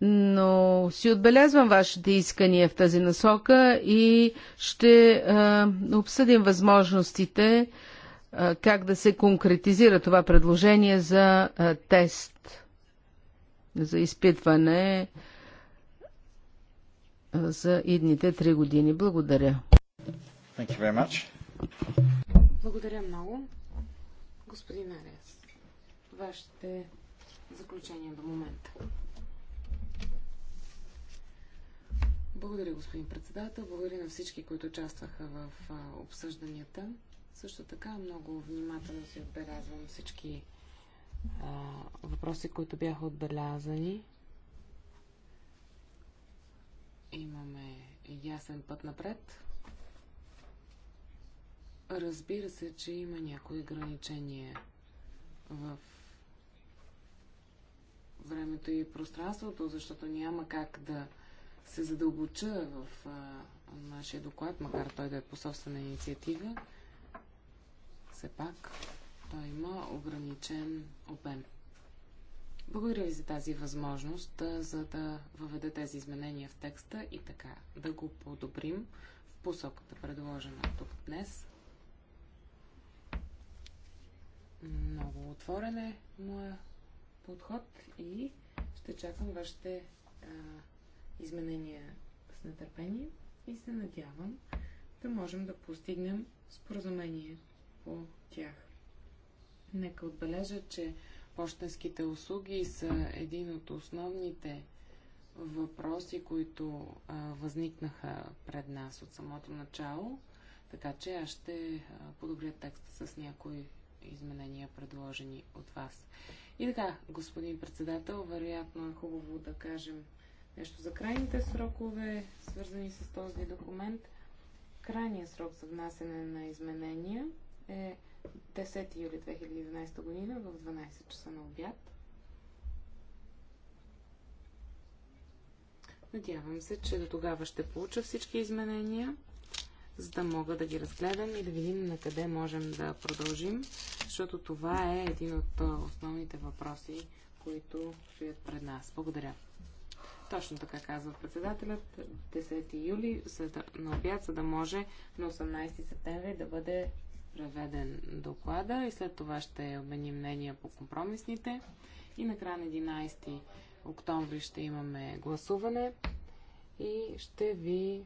но си отбелязвам вашите искания в тази насока и ще а, обсъдим възможностите а, как да се конкретизира това предложение за а, тест, за изпитване а, за идните три години. Благодаря. Thank you very much. Благодаря много. Господин Ариас, вашите заключения до момента. Благодаря, господин председател. Благодаря на всички, които участваха в обсъжданията. Също така много внимателно си отбелязвам всички а, въпроси, които бяха отбелязани. Имаме ясен път напред. Разбира се, че има някои ограничения в времето и пространството, защото няма как да се задълбоча в а, нашия доклад, макар той да е по собствена инициатива, все пак той има ограничен обем. Благодаря ви за тази възможност, за да въведа тези изменения в текста и така да го подобрим в посоката, предложена тук днес. Много отворен е моя подход и ще чакам вашите а, изменения с нетърпение и се надявам да можем да постигнем споразумение по тях. Нека отбележа, че почтенските услуги са един от основните въпроси, които а, възникнаха пред нас от самото начало, така че аз ще подобря текста с някои изменения, предложени от вас. И така, господин председател, вероятно е хубаво да кажем нещо за крайните срокове, свързани с този документ. Крайният срок за внасене на изменения е 10 юли 2011 година в 12 часа на обяд. Надявам се, че до тогава ще получа всички изменения, за да мога да ги разгледам и да видим на къде можем да продължим, защото това е един от основните въпроси, които стоят пред нас. Благодаря. Точно така казва председателят. 10 юли за да, на обяд, за да може на 18 септември да бъде преведен доклада и след това ще обменим мнения по компромисните. И накрая на 11 октомври ще имаме гласуване и ще ви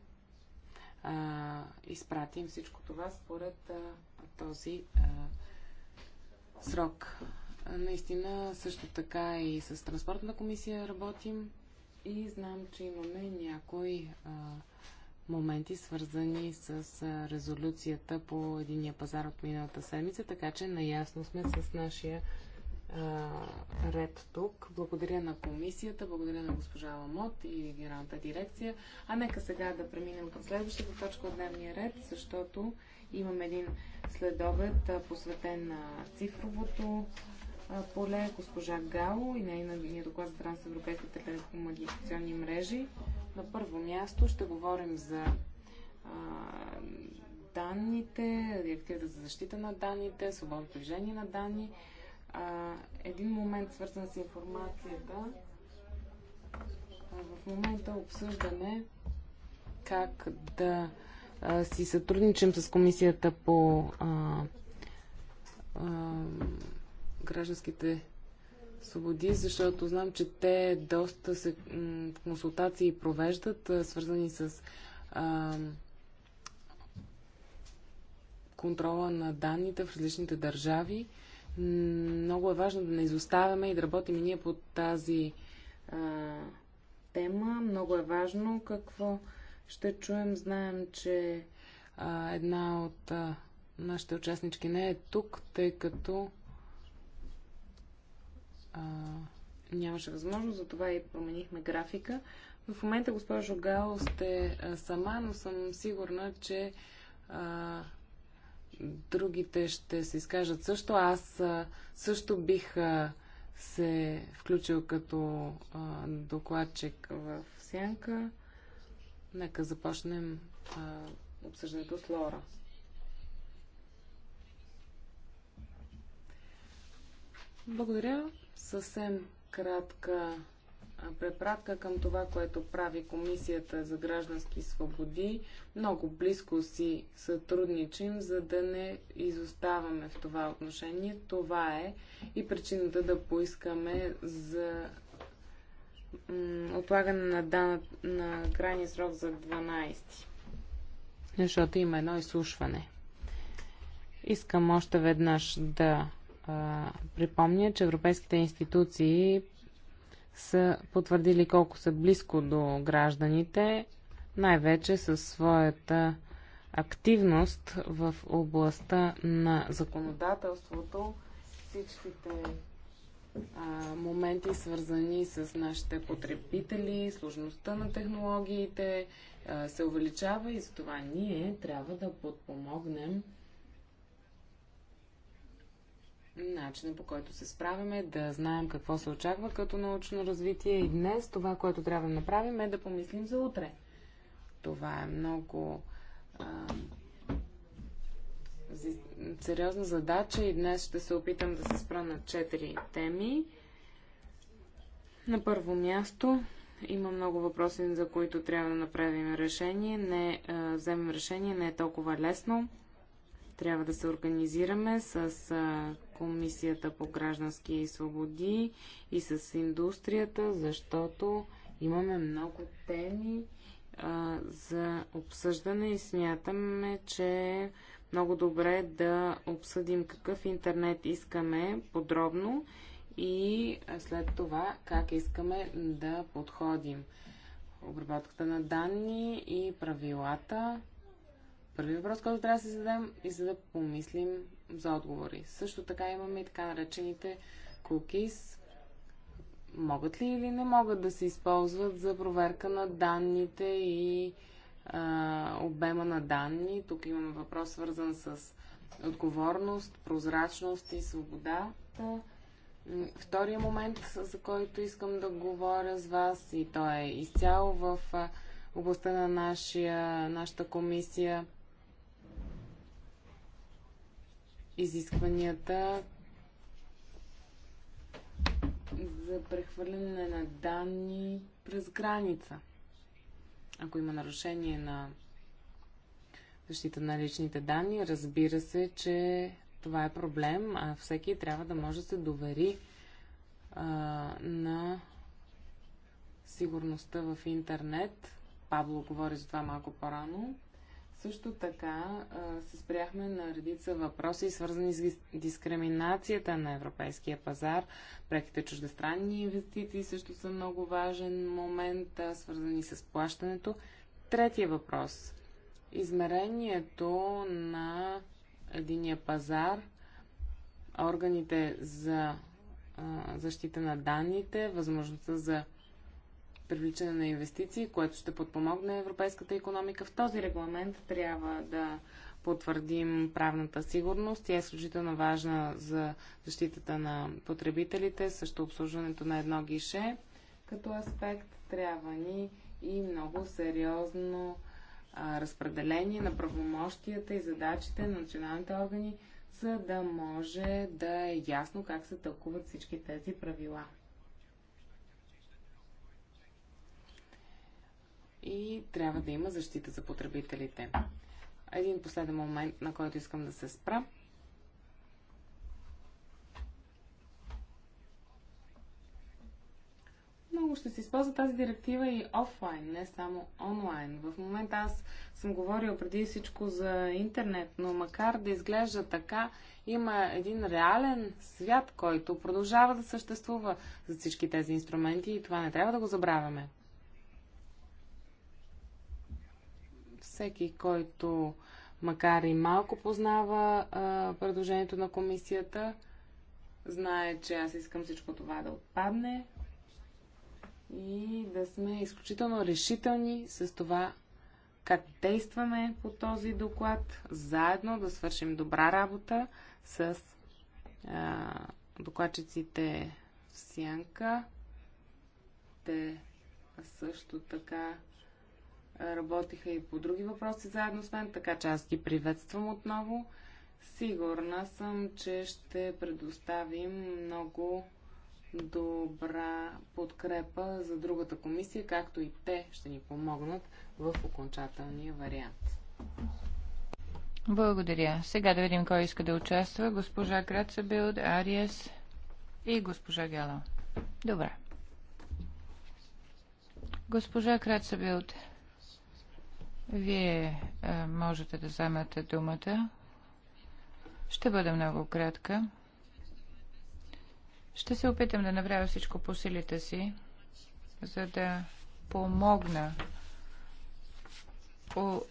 а, изпратим всичко това според а, този а, срок. Наистина също така и с Транспортна комисия работим и знам, че имаме някои а, моменти, свързани с а, резолюцията по единия пазар от миналата седмица, така че наясно сме с нашия а, ред тук. Благодаря на комисията, благодаря на госпожа Ламот и генералната дирекция. А нека сега да преминем към следващата точка от дневния ред, защото имам един следобед, посветен на цифровото поле, е госпожа Гало и нейния доклад за трансевропейските телекомуникационни мрежи. На първо място ще говорим за а, данните, директивата за защита на данните, свободно движение на данни. А, един момент свързан с информацията. В момента обсъждаме как да а, си сътрудничим с комисията по а, а, гражданските свободи, защото знам, че те доста се, консултации провеждат, свързани с а, контрола на данните в различните държави. Много е важно да не изоставяме и да работим и ние по тази а, тема. Много е важно какво ще чуем. Знаем, че а, една от а, нашите участнички не е тук, тъй като а, нямаше възможност, затова и променихме графика. В момента, госпожо Гао сте а, сама, но съм сигурна, че а, другите ще се изкажат също. Аз а, също бих а, се включил като а, докладчик в сянка. Нека започнем а, обсъждането с Лора. Благодаря. Съвсем кратка препратка към това, което прави Комисията за граждански свободи. Много близко си сътрудничим, за да не изоставаме в това отношение. Това е и причината да поискаме за отлагане на, дан... на крайния срок за 12. Защото има едно изслушване. Искам още веднъж да припомня, че европейските институции са потвърдили колко са близко до гражданите, най-вече със своята активност в областта на законодателството, всичките а, моменти свързани с нашите потребители, сложността на технологиите а, се увеличава и затова ние трябва да подпомогнем начина по който се справяме, да знаем какво се очаква като научно развитие и днес това, което трябва да направим е да помислим за утре. Това е много а, сериозна задача и днес ще се опитам да се спра на четири теми. На първо място има много въпроси, за които трябва да направим решение. Не а, вземем решение, не е толкова лесно. Трябва да се организираме с Комисията по граждански свободи и с индустрията, защото имаме много теми а, за обсъждане и смятаме, че много добре да обсъдим какъв интернет искаме подробно и след това как искаме да подходим. Обработката на данни и правилата първи въпрос, който трябва да се зададем и за да помислим за отговори. Също така имаме и така наречените cookies. Могат ли или не могат да се използват за проверка на данните и а, обема на данни? Тук имаме въпрос свързан с отговорност, прозрачност и свободата. Втория момент, за който искам да говоря с вас, и то е изцяло в областта на нашия, нашата комисия – изискванията за прехвърляне на данни през граница. Ако има нарушение на защита на личните данни, разбира се, че това е проблем, а всеки трябва да може да се довери а, на сигурността в интернет. Пабло говори за това малко по-рано. Също така се спряхме на редица въпроси, свързани с дискриминацията на европейския пазар. Преките чуждестранни инвестиции също са много важен момент, свързани с плащането. Третия въпрос. Измерението на единия пазар, органите за защита на данните, възможността за привличане на инвестиции, което ще подпомогне европейската економика. В този регламент трябва да потвърдим правната сигурност. Тя е изключително важна за защитата на потребителите, също обслужването на едно гише. Като аспект трябва ни и много сериозно а, разпределение на правомощията и задачите на националните органи, за да може да е ясно как се тълкуват всички тези правила. и трябва да има защита за потребителите. Един последен момент, на който искам да се спра. Много ще се използва тази директива и офлайн, не само онлайн. В момента аз съм говорил преди всичко за интернет, но макар да изглежда така, има един реален свят, който продължава да съществува за всички тези инструменти и това не трябва да го забравяме. Всеки, който макар и малко познава а, предложението на комисията, знае, че аз искам всичко това да отпадне и да сме изключително решителни с това как действаме по този доклад, заедно да свършим добра работа с а, докладчиците в Сянка. Те също така работиха и по други въпроси заедно с мен, така че аз ги приветствам отново. Сигурна съм, че ще предоставим много добра подкрепа за другата комисия, както и те ще ни помогнат в окончателния вариант. Благодаря. Сега да видим кой иска да участва. Госпожа Крацебилд, Ариес и госпожа Гела. Добре. Госпожа Крацебилд. Вие е, можете да вземете думата. Ще бъда много кратка. Ще се опитам да направя всичко по силите си, за да помогна по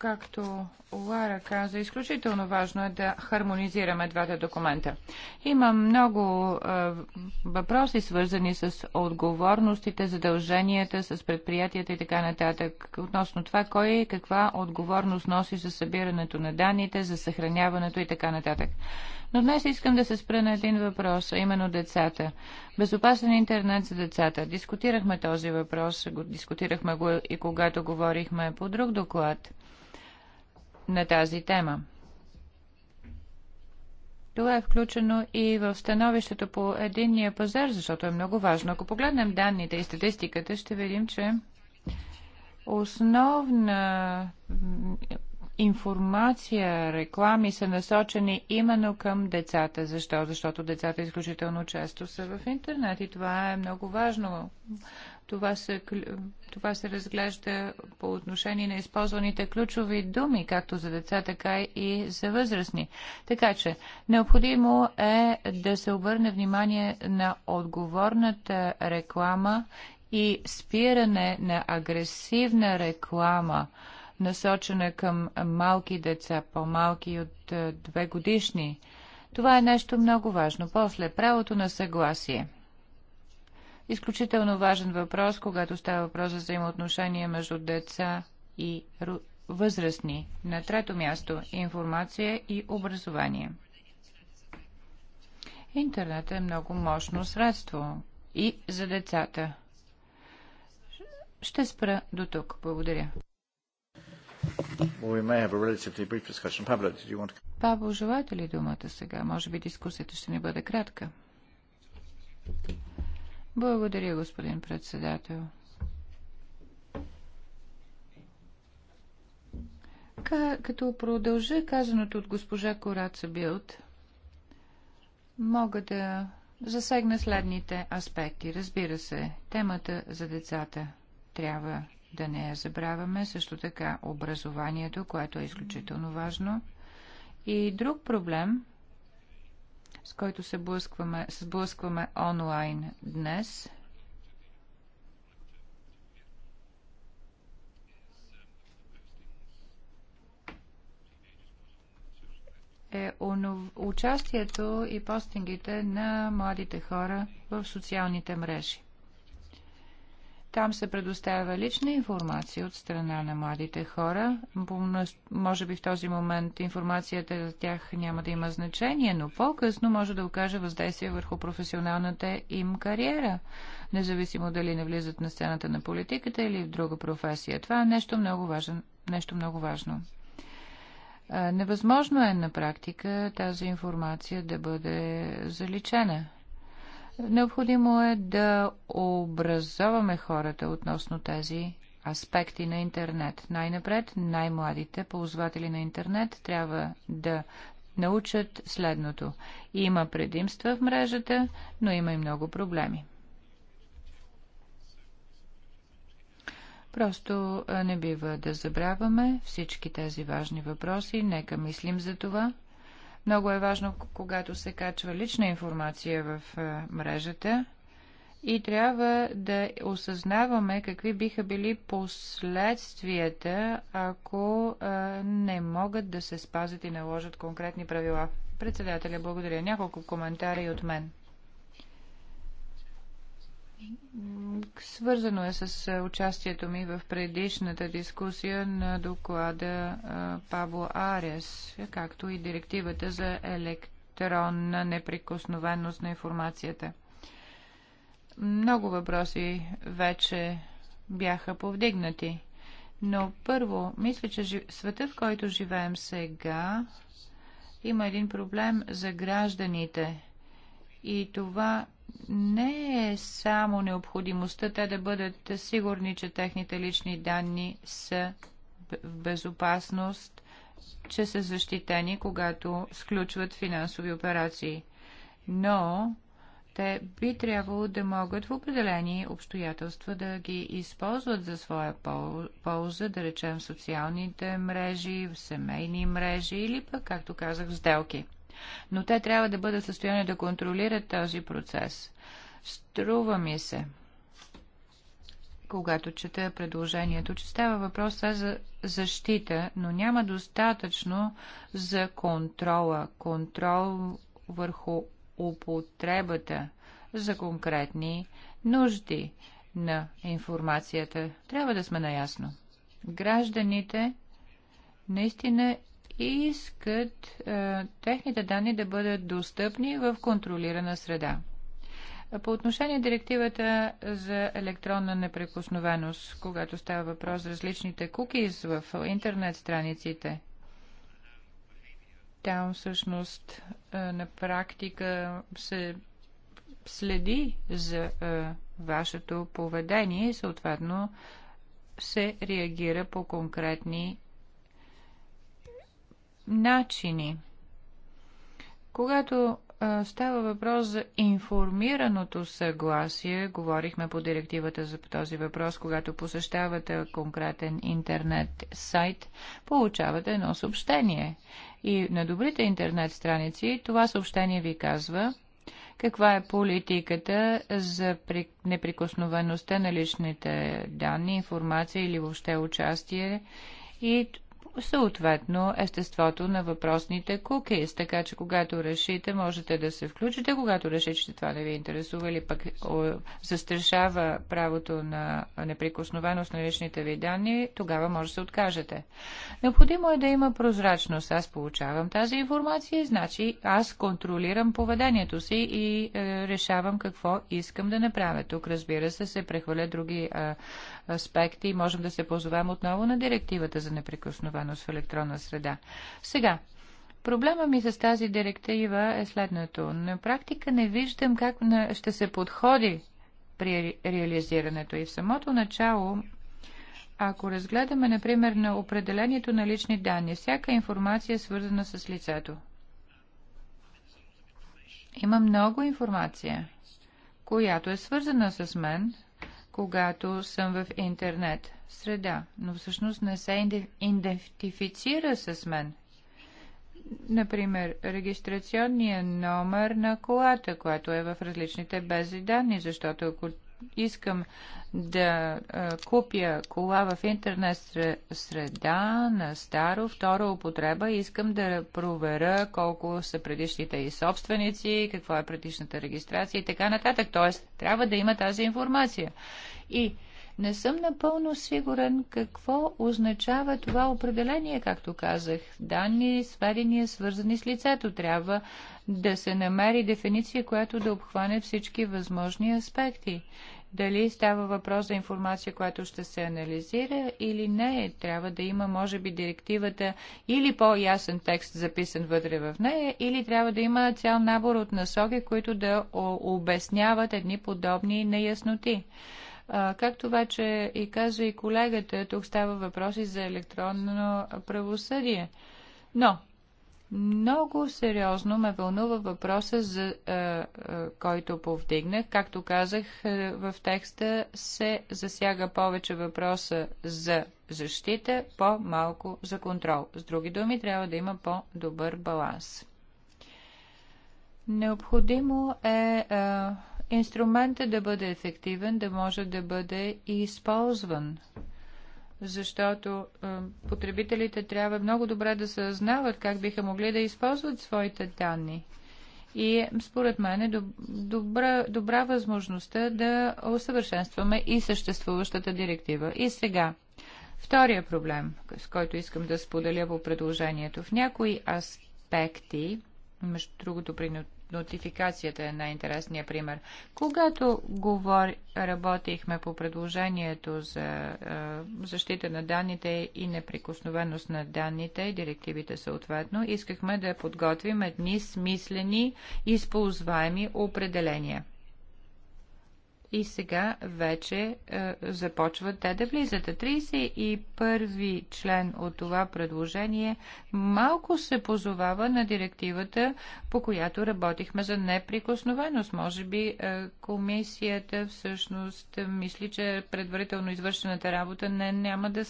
както Лара каза, изключително важно е да хармонизираме двата документа. Има много е, въпроси, свързани с отговорностите, задълженията, с предприятията и така нататък. Относно това, кой и каква отговорност носи за събирането на данните, за съхраняването и така нататък. Но днес искам да се спра на един въпрос, а именно децата. Безопасен интернет за децата. Дискутирахме този въпрос, дискутирахме го и когато говорихме по друг доклад на тази тема. Това е включено и в становището по единния пазар, защото е много важно. Ако погледнем данните и статистиката, ще видим, че основна информация, реклами са насочени именно към децата. Защо? Защото децата изключително често са в интернет и това е много важно това се, това се разглежда по отношение на използваните ключови думи, както за деца, така и за възрастни. Така че, необходимо е да се обърне внимание на отговорната реклама и спиране на агресивна реклама, насочена към малки деца, по-малки от е, две годишни. Това е нещо много важно. После правото на съгласие – Изключително важен въпрос, когато става въпрос за взаимоотношения между деца и възрастни. На трето място – информация и образование. Интернет е много мощно средство и за децата. Ще спра до тук. Благодаря. Well, Пабло, желаете ли думата сега? Може би дискусията ще ни бъде кратка. Благодаря, господин председател. Като продължа казаното от госпожа Кораца Билт, мога да засегна следните аспекти. Разбира се, темата за децата трябва да не я забравяме, също така образованието, което е изключително важно. И друг проблем – с който се блъскваме, се сблъскваме онлайн днес. е участието и постингите на младите хора в социалните мрежи. Там се предоставя лична информация от страна на младите хора. Може би в този момент информацията за тях няма да има значение, но по-късно може да окаже въздействие върху професионалната им кариера, независимо дали не влизат на сцената на политиката или в друга професия. Това е нещо много важно. Нещо много важно. Невъзможно е на практика тази информация да бъде заличена Необходимо е да образоваме хората относно тези аспекти на интернет. Най-напред, най-младите ползватели на интернет трябва да научат следното. Има предимства в мрежата, но има и много проблеми. Просто не бива да забравяме всички тези важни въпроси. Нека мислим за това. Много е важно, когато се качва лична информация в е, мрежата и трябва да осъзнаваме какви биха били последствията, ако е, не могат да се спазят и наложат конкретни правила. Председателя, благодаря. Няколко коментари от мен. Свързано е с участието ми в предишната дискусия на доклада Пабло Арес, както и директивата за електронна неприкосновеност на информацията. Много въпроси вече бяха повдигнати, но първо, мисля, че света, в който живеем сега, има един проблем за гражданите. И това не е само необходимостта те да бъдат сигурни, че техните лични данни са в безопасност, че са защитени, когато сключват финансови операции. Но те би трябвало да могат в определени обстоятелства да ги използват за своя полза, да речем социалните мрежи, в семейни мрежи или пък, както казах, в сделки но те трябва да бъдат в състояние да контролират този процес. Струва ми се, когато чета предложението, че става въпрос за защита, но няма достатъчно за контрола. Контрол върху употребата за конкретни нужди на информацията. Трябва да сме наясно. Гражданите наистина и искат а, техните данни да бъдат достъпни в контролирана среда. По отношение на директивата за електронна неприкосновеност, когато става въпрос за различните кукиз в интернет страниците, там всъщност на практика се следи за вашето поведение и съответно се реагира по конкретни начини. Когато става въпрос за информираното съгласие. Говорихме по директивата за този въпрос. Когато посещавате конкретен интернет сайт, получавате едно съобщение. И на добрите интернет страници това съобщение ви казва каква е политиката за неприкосновеността на личните данни, информация или въобще участие и съответно естеството на въпросните cookies. Така че когато решите, можете да се включите. Когато решите, че това не ви интересува или пък застрашава правото на неприкосновеност на личните ви данни, тогава може да се откажете. Необходимо е да има прозрачност. Аз получавам тази информация, значи аз контролирам поведението си и е, решавам какво искам да направя. Тук, разбира се, се прехвалят други е, аспекти и можем да се позовем отново на директивата за неприкосновеност в електронна среда. Сега, Проблема ми с тази директива е следното. На практика не виждам как ще се подходи при реализирането. И в самото начало, ако разгледаме, например, на определението на лични данни, всяка информация е свързана с лицето. Има много информация, която е свързана с мен, когато съм в интернет среда, но всъщност не се идентифицира с мен. Например, регистрационния номер на колата, която е в различните бази данни, защото ако искам да купя кола в интернет среда на старо, втора употреба, искам да проверя колко са предишните и собственици, какво е предишната регистрация и така нататък. Тоест, трябва да има тази информация. И не съм напълно сигурен какво означава това определение, както казах. Данни, сведения, свързани с лицето. Трябва да се намери дефиниция, която да обхване всички възможни аспекти. Дали става въпрос за информация, която ще се анализира или не. Трябва да има, може би, директивата или по-ясен текст записан вътре в нея, или трябва да има цял набор от насоки, които да обясняват едни подобни неясноти. Както вече и каза и колегата, тук става въпроси за електронно правосъдие. Но много сериозно ме вълнува въпроса, за, който повдигнах. Както казах, в текста се засяга повече въпроса за защита, по-малко за контрол. С други думи, трябва да има по-добър баланс. Необходимо е а, е, инструментът да бъде ефективен, да може да бъде и използван защото а, е, потребителите трябва много добре да съзнават как биха могли да използват своите данни. И според мен е добра, добра възможността да усъвършенстваме и съществуващата директива. И сега, втория проблем, с който искам да споделя по предложението. В някои аспекти, между другото при нотификацията е най-интересният пример. Когато говор, работихме по предложението за е, защита на данните и неприкосновеност на данните и директивите съответно, искахме да подготвим едни смислени, използваеми определения – и сега вече е, започват те да влизат. 31 член от това предложение малко се позовава на директивата, по която работихме за неприкосновеност. Може би е, комисията всъщност мисли, че предварително извършената работа не, няма, да,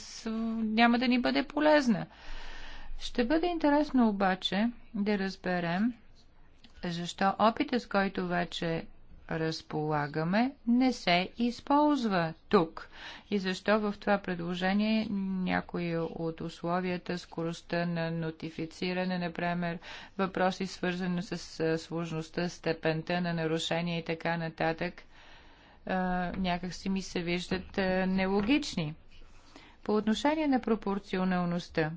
няма да ни бъде полезна. Ще бъде интересно обаче да разберем защо опита, с който вече разполагаме, не се използва тук. И защо в това предложение някои от условията, скоростта на нотифициране, например, въпроси свързани с сложността, степента на нарушение и така нататък, някак си ми се виждат нелогични. По отношение на пропорционалността,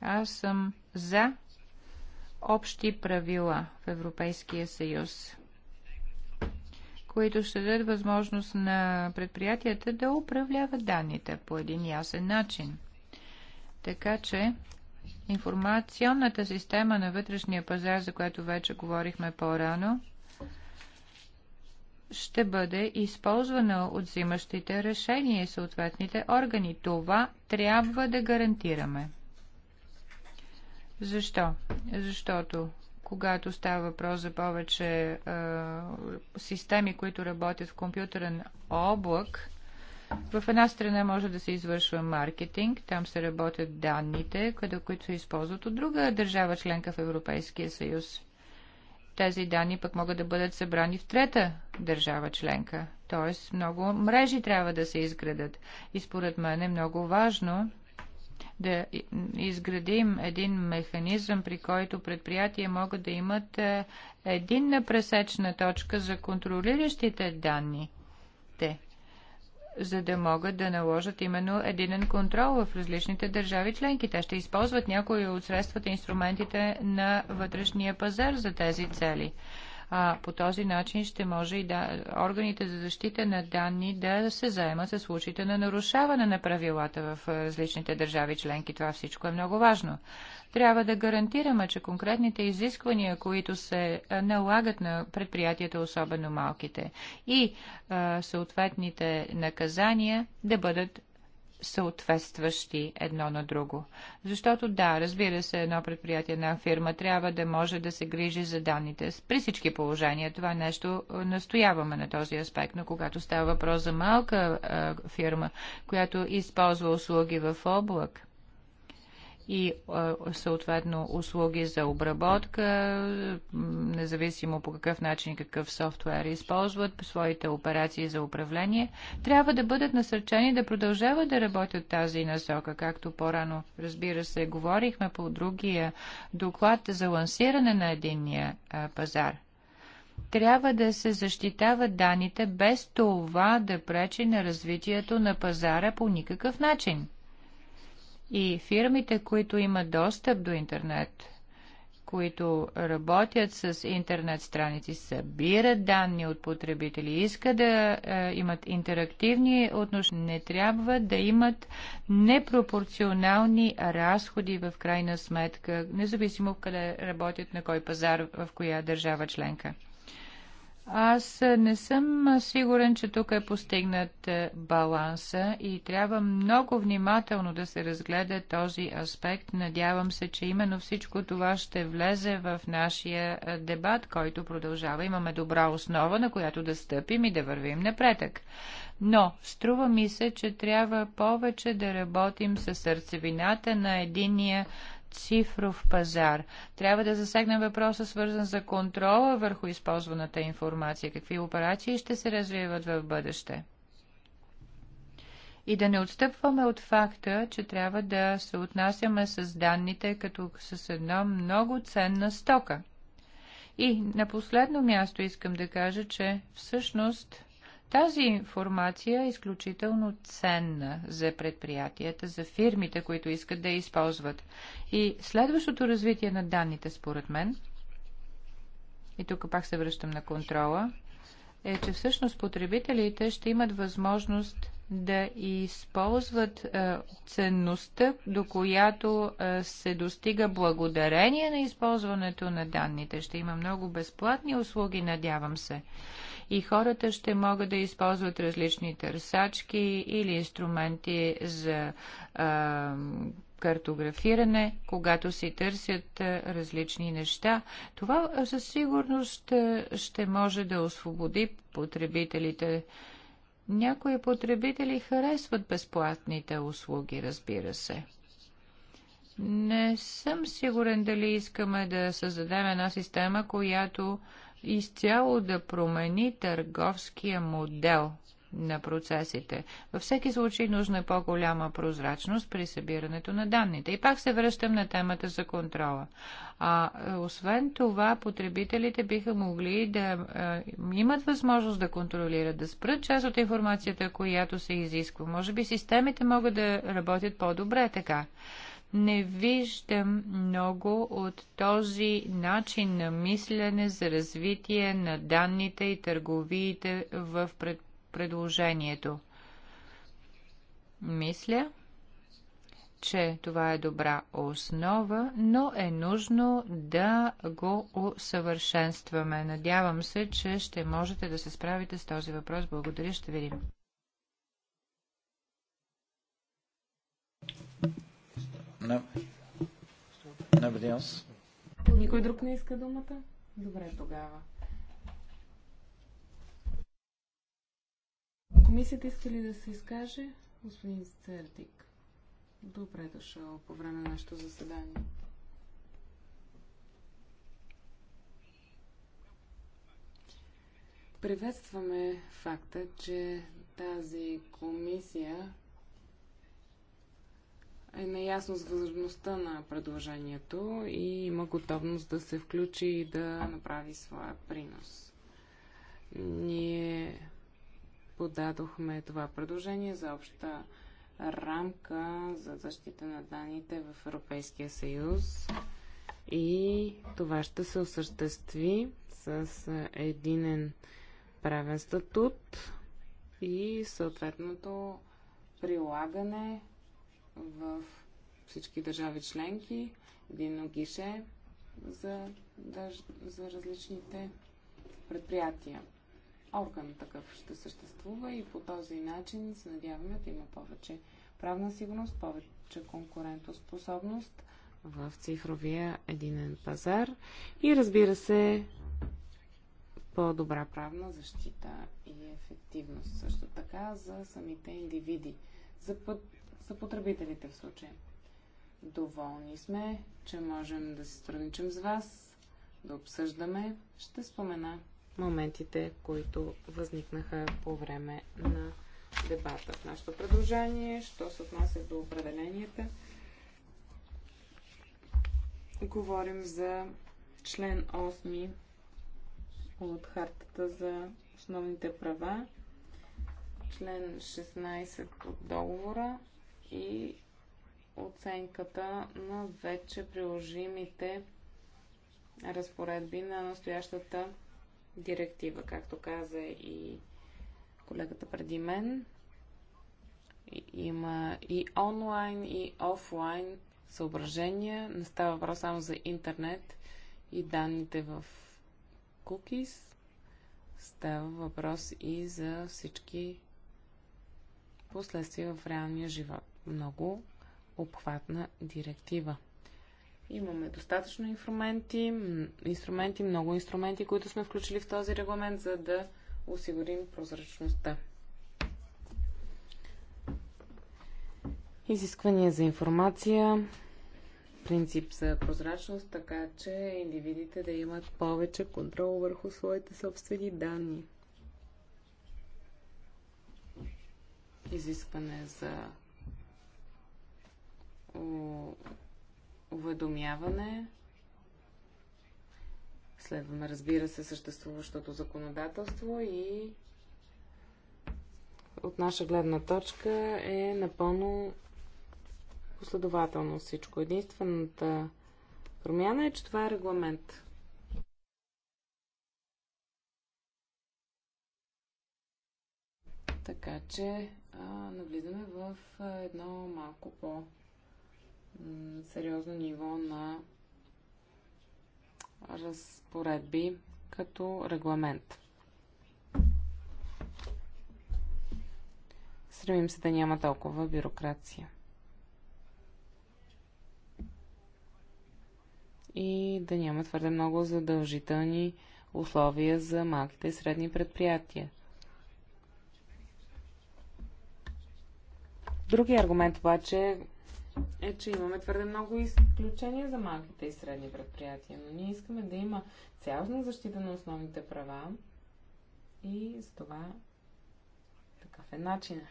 аз съм за общи правила в Европейския съюз, които ще дадат възможност на предприятията да управляват данните по един ясен начин. Така че информационната система на вътрешния пазар, за която вече говорихме по-рано, ще бъде използвана от взимащите решения и съответните органи. Това трябва да гарантираме. Защо? Защото когато става въпрос за повече а, системи, които работят в компютърен облак, в една страна може да се извършва маркетинг, там се работят данните, къде, които се използват от друга държава членка в Европейския съюз. Тези данни пък могат да бъдат събрани в трета държава членка. Тоест много мрежи трябва да се изградат. И според мен е много важно да изградим един механизъм, при който предприятия могат да имат е, единна пресечна точка за контролиращите данни. Те за да могат да наложат именно единен контрол в различните държави членки. Те ще използват някои от средствата и инструментите на вътрешния пазар за тези цели. А по този начин ще може и да, органите за защита на данни да се заемат със случаите на нарушаване на правилата в различните държави членки. Това всичко е много важно. Трябва да гарантираме, че конкретните изисквания, които се налагат на предприятията, особено малките, и а, съответните наказания да бъдат съответстващи едно на друго. Защото да, разбира се, едно предприятие, една фирма трябва да може да се грижи за данните. При всички положения това нещо е, настояваме на този аспект, но когато става въпрос за малка е, фирма, която използва услуги в облак, и съответно услуги за обработка, независимо по какъв начин, и какъв софтуер използват, по своите операции за управление, трябва да бъдат насърчени да продължават да работят тази насока, както по-рано, разбира се, говорихме по другия доклад за лансиране на единния пазар трябва да се защитават данните без това да пречи на развитието на пазара по никакъв начин. И фирмите, които имат достъп до интернет, които работят с интернет страници, събират данни от потребители, искат да е, имат интерактивни отношения, не трябва да имат непропорционални разходи в крайна сметка, независимо къде работят, на кой пазар, в коя държава членка. Аз не съм сигурен, че тук е постигнат е, баланса и трябва много внимателно да се разгледа този аспект. Надявам се, че именно всичко това ще влезе в нашия е, дебат, който продължава. Имаме добра основа, на която да стъпим и да вървим напредък. Но струва ми се, че трябва повече да работим със сърцевината на единия цифров пазар. Трябва да засегнем въпроса, свързан за контрола върху използваната информация, какви операции ще се развиват в бъдеще. И да не отстъпваме от факта, че трябва да се отнасяме с данните като с една много ценна стока. И на последно място искам да кажа, че всъщност тази информация е изключително ценна за предприятията, за фирмите, които искат да я използват. И следващото развитие на данните, според мен, и тук пак се връщам на контрола, е, че всъщност потребителите ще имат възможност да използват е, ценността, до която е, се достига благодарение на използването на данните. Ще има много безплатни услуги, надявам се и хората ще могат да използват различни търсачки или инструменти за а, картографиране, когато си търсят различни неща. Това със сигурност ще може да освободи потребителите. Някои потребители харесват безплатните услуги, разбира се. Не съм сигурен дали искаме да създадем една система, която изцяло да промени търговския модел на процесите. Във всеки случай нужна е по-голяма прозрачност при събирането на данните. И пак се връщам на темата за контрола. А, е, освен това, потребителите биха могли да а, е, имат възможност да контролират, да спрат част от информацията, която се изисква. Може би системите могат да работят по-добре така не виждам много от този начин на мислене за развитие на данните и търговиите в пред предложението. Мисля, че това е добра основа, но е нужно да го усъвършенстваме. Надявам се, че ще можете да се справите с този въпрос. Благодаря, ще видим. Не. Nobody аз. Никой друг не иска думата? Добре, тогава. Комисията иска ли да се изкаже? Господин Сцердик. Добре дошъл по време на нашето заседание. Приветстваме факта, че тази комисия е наясно с възможността на предложението и има готовност да се включи и да направи своя принос. Ние подадохме това предложение за обща рамка за защита на данните в Европейския съюз и това ще се осъществи с единен правен статут и съответното прилагане в всички държави членки, един гише за, за различните предприятия. Орган такъв ще съществува и по този начин се надяваме да има повече правна сигурност, повече конкурентоспособност в цифровия единен пазар и разбира се по-добра правна защита и ефективност също така за самите индивиди. За път, са потребителите в случая. Доволни сме, че можем да се страничим с вас, да обсъждаме. Ще спомена моментите, които възникнаха по време на дебата. В нашето предложение, що се отнася до определенията, говорим за член 8 от Хартата за основните права, член 16 от договора и оценката на вече приложимите разпоредби на настоящата директива, както каза и колегата преди мен. Има и онлайн, и офлайн съображения. Не става въпрос само за интернет и данните в cookies. Става въпрос и за всички последствия в реалния живот много обхватна директива. Имаме достатъчно инструменти, инструменти, много инструменти, които сме включили в този регламент, за да осигурим прозрачността. Изисквания за информация, принцип за прозрачност, така че индивидите да имат повече контрол върху своите собствени данни. Изискване за уведомяване. Следваме, разбира се, съществуващото законодателство и от наша гледна точка е напълно последователно всичко. Единствената промяна е, че това е регламент. Така че а, навлизаме в едно малко по- сериозно ниво на разпоредби като регламент. Стремим се да няма толкова бюрокрация. И да няма твърде много задължителни условия за малките и средни предприятия. Други аргумент обаче е, че имаме твърде много изключения за малките и средни предприятия, но ние искаме да има цялостна защита на основните права и за това такъв е начина.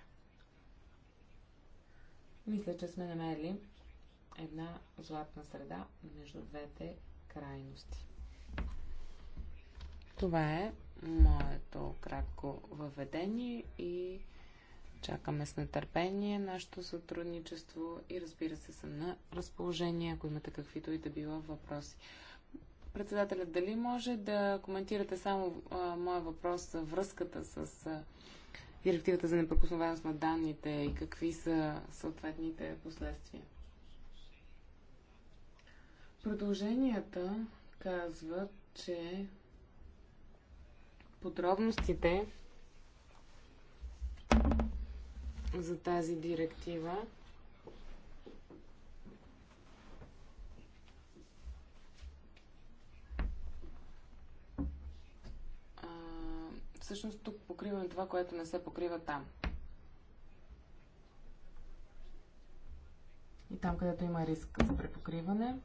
Мисля, че сме намерили една златна среда между двете крайности. Това е моето кратко въведение и Чакаме с нетърпение нашето сътрудничество и разбира се съм на разположение, ако имате каквито и да било въпроси. Председателя, дали може да коментирате само а, моя въпрос за връзката с а, директивата за непрекосновеност на данните и какви са съответните последствия? Продълженията казват, че подробностите за тази директива. А, всъщност тук покриваме това, което не се покрива там. И там, където има риск за препокриване,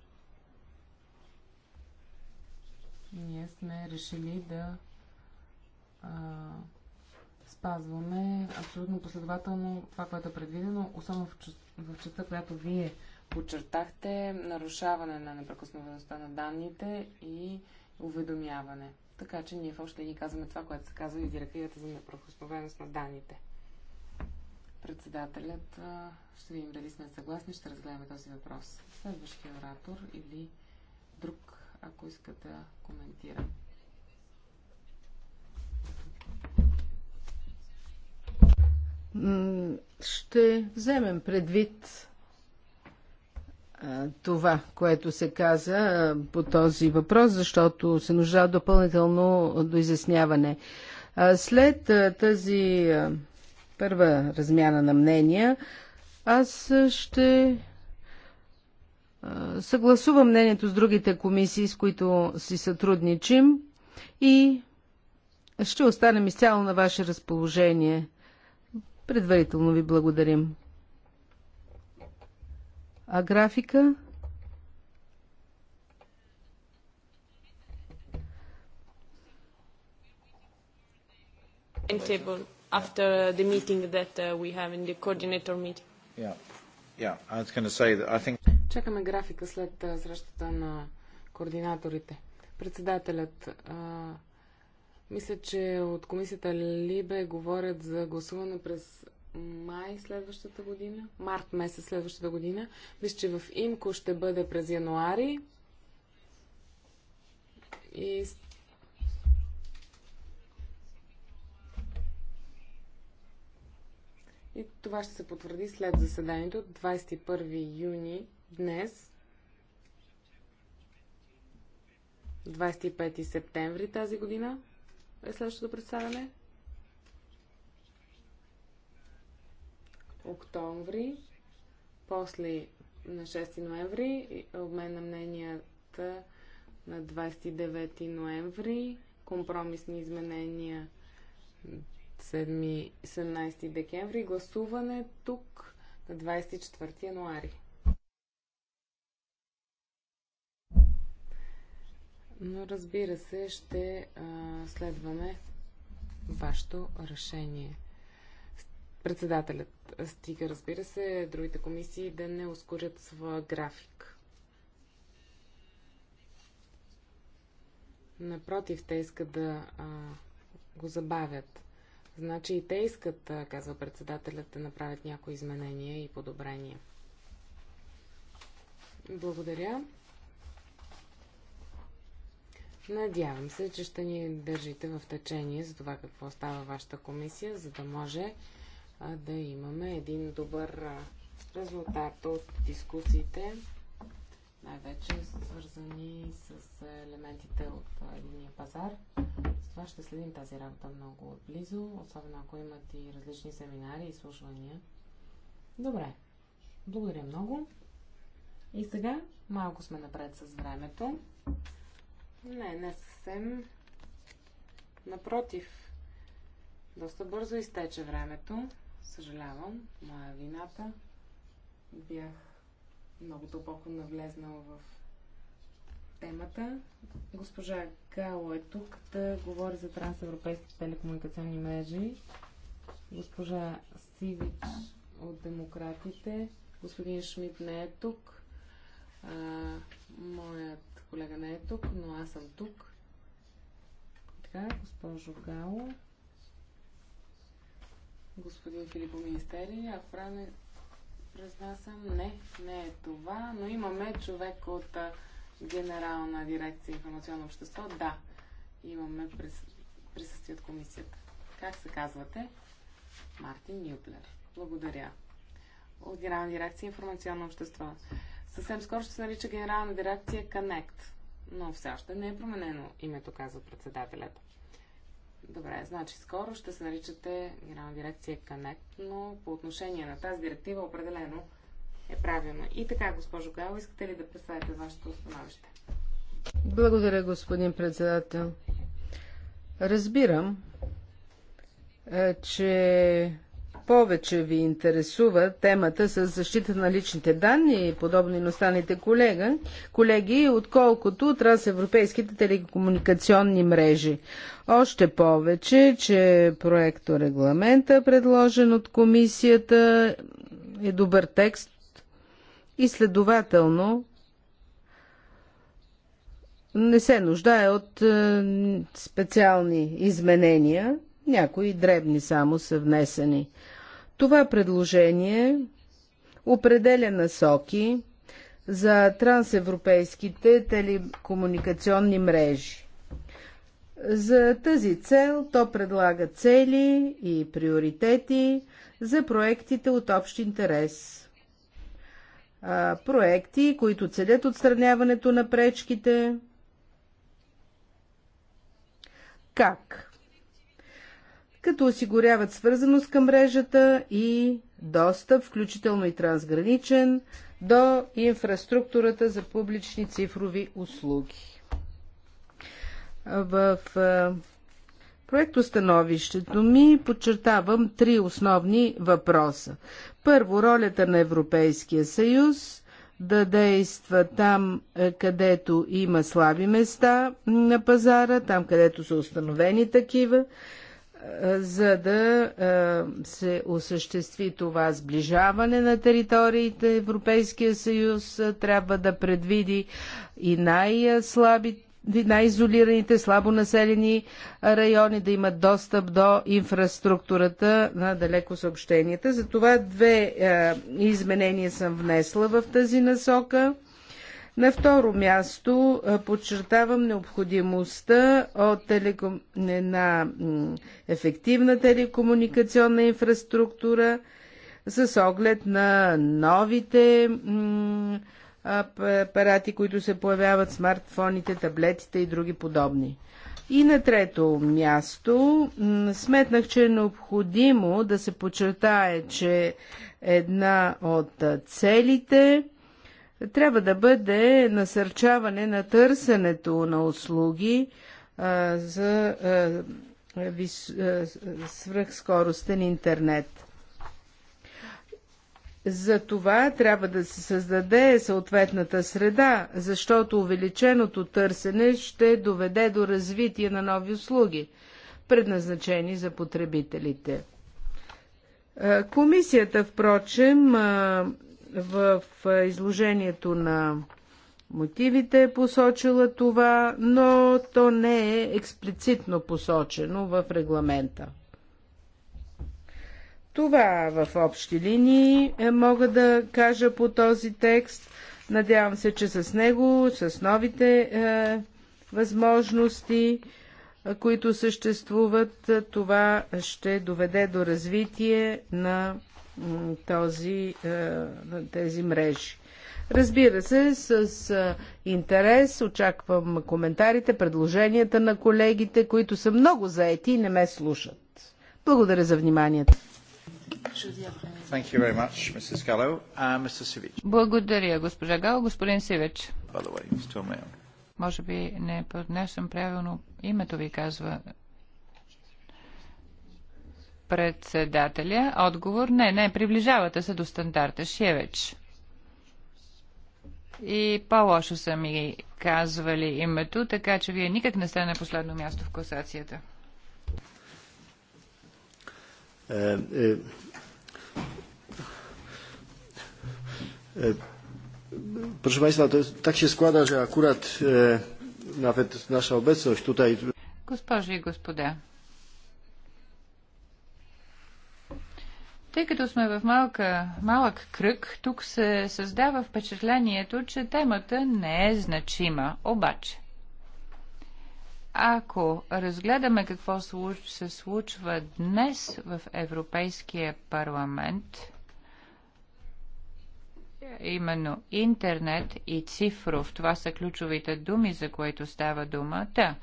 ние сме решили да а, спазваме абсолютно последователно това, което е предвидено, особено в, частта, която вие подчертахте, нарушаване на непрекосновеността на данните и уведомяване. Така че ние в още ни казваме това, което се казва и директивата за непрекъснатост на данните. Председателят, ще видим дали сме съгласни, ще разгледаме този въпрос. Следващия оратор или друг, ако искате да коментирате. Ще вземем предвид това, което се каза по този въпрос, защото се нужда допълнително до изясняване. След тази първа размяна на мнения, аз ще съгласувам мнението с другите комисии, с които си сътрудничим и ще останем изцяло на ваше разположение. Предварително ви благодарим. А графика? Table after the meeting that uh, we have in the coordinator meeting. Yeah, yeah. I was going to say that I think. Чакаме графика след срещата на координаторите. Председателят. Uh мисля, че от комисията Либе говорят за гласуване през май следващата година, март месец следващата година. Мисля, че в Имко ще бъде през януари. И И това ще се потвърди след заседанието 21 юни днес. 25 септември тази година е следващото представяне? Октомври, после на 6 ноември, обмен на мненията на 29 ноември, компромисни изменения 7, 17 декември, гласуване тук на 24 януари. Но разбира се, ще а, следваме вашето решение. Председателят стига, разбира се, другите комисии да не ускорят своя график. Напротив, те искат да а, го забавят. Значи и те искат, а, казва председателят, да направят някои изменения и подобрения. Благодаря. Надявам се, че ще ни държите в течение за това какво става вашата комисия, за да може а, да имаме един добър а, резултат от дискусиите, най-вече свързани с елементите от единия пазар. С това ще следим тази работа много отблизо, особено ако имат и различни семинари и слушвания. Добре, благодаря много. И сега малко сме напред с времето. Не, не съвсем. Напротив, доста бързо изтече времето. Съжалявам, моя вината. Бях много дълбоко навлезнала в темата. Госпожа Гало е тук да говори за трансевропейските телекомуникационни мрежи. Госпожа Сивич от Демократите. Господин Шмидт не е тук. А, моят колега не е тук, но аз съм тук. Така, госпожо Гало. Господин Филипо Министери, а Фране през съм. Не, не е това, но имаме човек от а, Генерална дирекция информационно общество. Да, имаме прис... присъствие от комисията. Как се казвате? Мартин Нюплер. Благодаря. От Генерална дирекция информационно общество съвсем скоро ще се нарича Генерална дирекция Connect. Но все още не е променено името, казва председателят. Добре, значи скоро ще се наричате Генерална дирекция Connect, но по отношение на тази директива определено е правилно. И така, госпожо Гало, искате ли да представите вашето становище? Благодаря, господин председател. Разбирам, е, че повече ви интересува темата с защита на личните данни и подобни на останалите колега, колеги, отколкото трансевропейските телекомуникационни мрежи. Още повече, че проекто регламента, предложен от комисията, е добър текст и следователно не се нуждае от е, специални изменения – някои дребни само са внесени. Това предложение определя насоки за трансевропейските телекомуникационни мрежи. За тази цел то предлага цели и приоритети за проектите от общ интерес. А, проекти, които целят отстраняването на пречките. Как? като осигуряват свързаност към мрежата и достъп, включително и трансграничен, до инфраструктурата за публични цифрови услуги. В проектостановището ми подчертавам три основни въпроса. Първо, ролята на Европейския съюз да действа там, където има слаби места на пазара, там, където са установени такива за да се осъществи това сближаване на териториите, Европейския съюз трябва да предвиди и най-слабите най-изолираните, слабо населени райони да имат достъп до инфраструктурата на далеко съобщенията. Затова две е, изменения съм внесла в тази насока. На второ място подчертавам необходимостта от телеком... на ефективна телекомуникационна инфраструктура с оглед на новите апарати, които се появяват, смартфоните, таблетите и други подобни. И на трето място сметнах, че е необходимо да се подчертае, че една от целите трябва да бъде насърчаване на търсенето на услуги а, за а, вис, а, свръхскоростен интернет. За това трябва да се създаде съответната среда, защото увеличеното търсене ще доведе до развитие на нови услуги, предназначени за потребителите. Комисията, впрочем, в изложението на мотивите е посочила това, но то не е експлицитно посочено в регламента. Това в общи линии е, мога да кажа по този текст. Надявам се, че с него, с новите е, възможности, е, които съществуват, е, това ще доведе до развитие на този, е, тези мрежи. Разбира се, с е, интерес очаквам коментарите, предложенията на колегите, които са много заети и не ме слушат. Благодаря за вниманието. Much, uh, Благодаря, госпожа Гал. Господин Сивич. Way, Може би не поднесам правилно името ви, казва Председателя. Отговор не, не, приближавате се до стандарта Шевеч. И по-лошо са ми казвали името, така че вие никак не сте на последно място в класацията. Е, е, е proszę Państwa, to tak się składa, że akurat e, nawet nasza obecność tutaj. Госпожи i gospodarze. Тъй като сме в малка, малък кръг, тук се създава впечатлението, че темата не е значима. Обаче, ако разгледаме какво се случва днес в Европейския парламент, именно интернет и цифров, това са ключовите думи, за които става думата. Да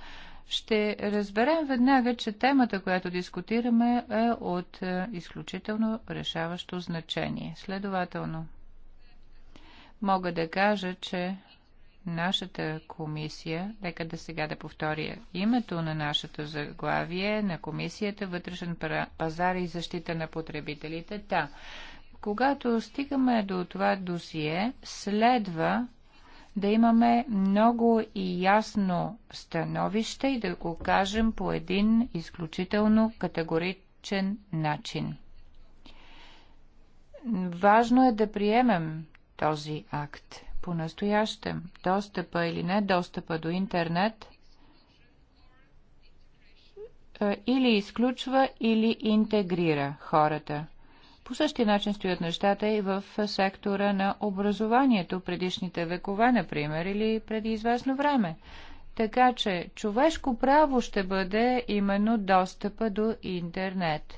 ще разберем веднага, че темата, която дискутираме, е от е, изключително решаващо значение. Следователно, мога да кажа, че нашата комисия, нека да сега да повторя името на нашето заглавие, на комисията Вътрешен пазар и защита на потребителите, та, когато стигаме до това досие, следва да имаме много и ясно становище и да го кажем по един изключително категоричен начин. Важно е да приемем този акт. По-настоящем достъпа или не достъпа до интернет е, или изключва, или интегрира хората – по същия начин стоят нещата и в сектора на образованието, предишните векове, например, или преди известно време. Така че човешко право ще бъде именно достъпа до интернет.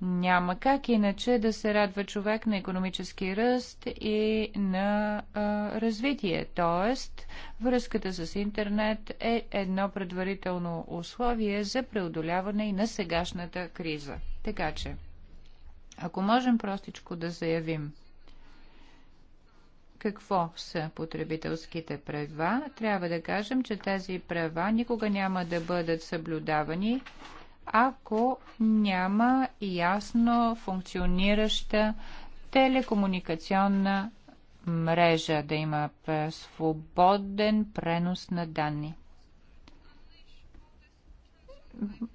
Няма как иначе да се радва човек на економически ръст и на а, развитие. Тоест, връзката с интернет е едно предварително условие за преодоляване и на сегашната криза. Така че. Ако можем простичко да заявим какво са потребителските права, трябва да кажем, че тези права никога няма да бъдат съблюдавани, ако няма ясно функционираща телекомуникационна мрежа, да има свободен пренос на данни.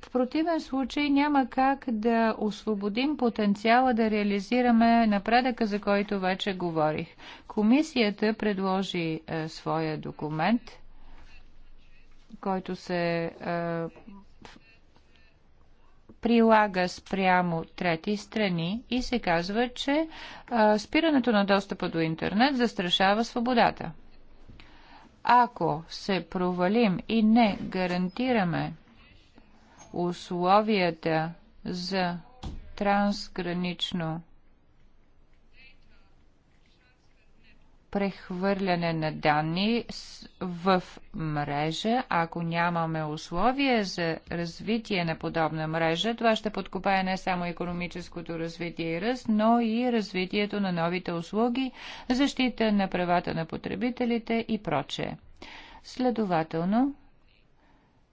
В противен случай няма как да освободим потенциала да реализираме напредъка, за който вече говорих. Комисията предложи е, своя документ, който се е, прилага спрямо трети страни и се казва, че е, спирането на достъпа до интернет застрашава свободата. Ако се провалим и не гарантираме условията за трансгранично прехвърляне на данни в мрежа. Ако нямаме условия за развитие на подобна мрежа, това ще подкопае не само економическото развитие и ръст, но и развитието на новите услуги, защита на правата на потребителите и прочее. Следователно,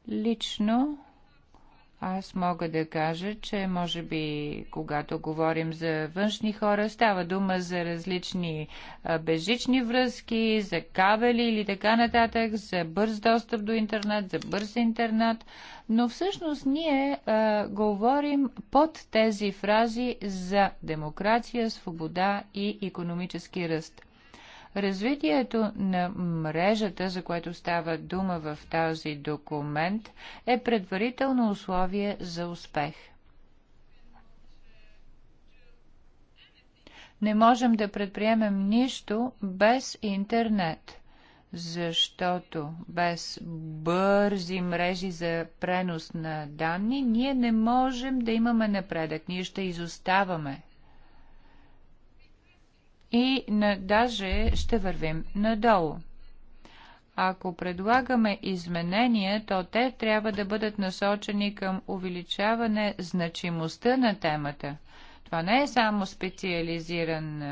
лично аз мога да кажа, че може би, когато говорим за външни хора, става дума за различни безжични връзки, за кабели или така нататък, за бърз достъп до интернет, за бърз интернет. Но всъщност ние а, говорим под тези фрази за демокрация, свобода и економически ръст. Развитието на мрежата, за което става дума в този документ, е предварително условие за успех. Не можем да предприемем нищо без интернет – защото без бързи мрежи за пренос на данни ние не можем да имаме напредък, ние ще изоставаме и на, даже ще вървим надолу. Ако предлагаме изменения, то те трябва да бъдат насочени към увеличаване значимостта на темата. Това не е само специализиран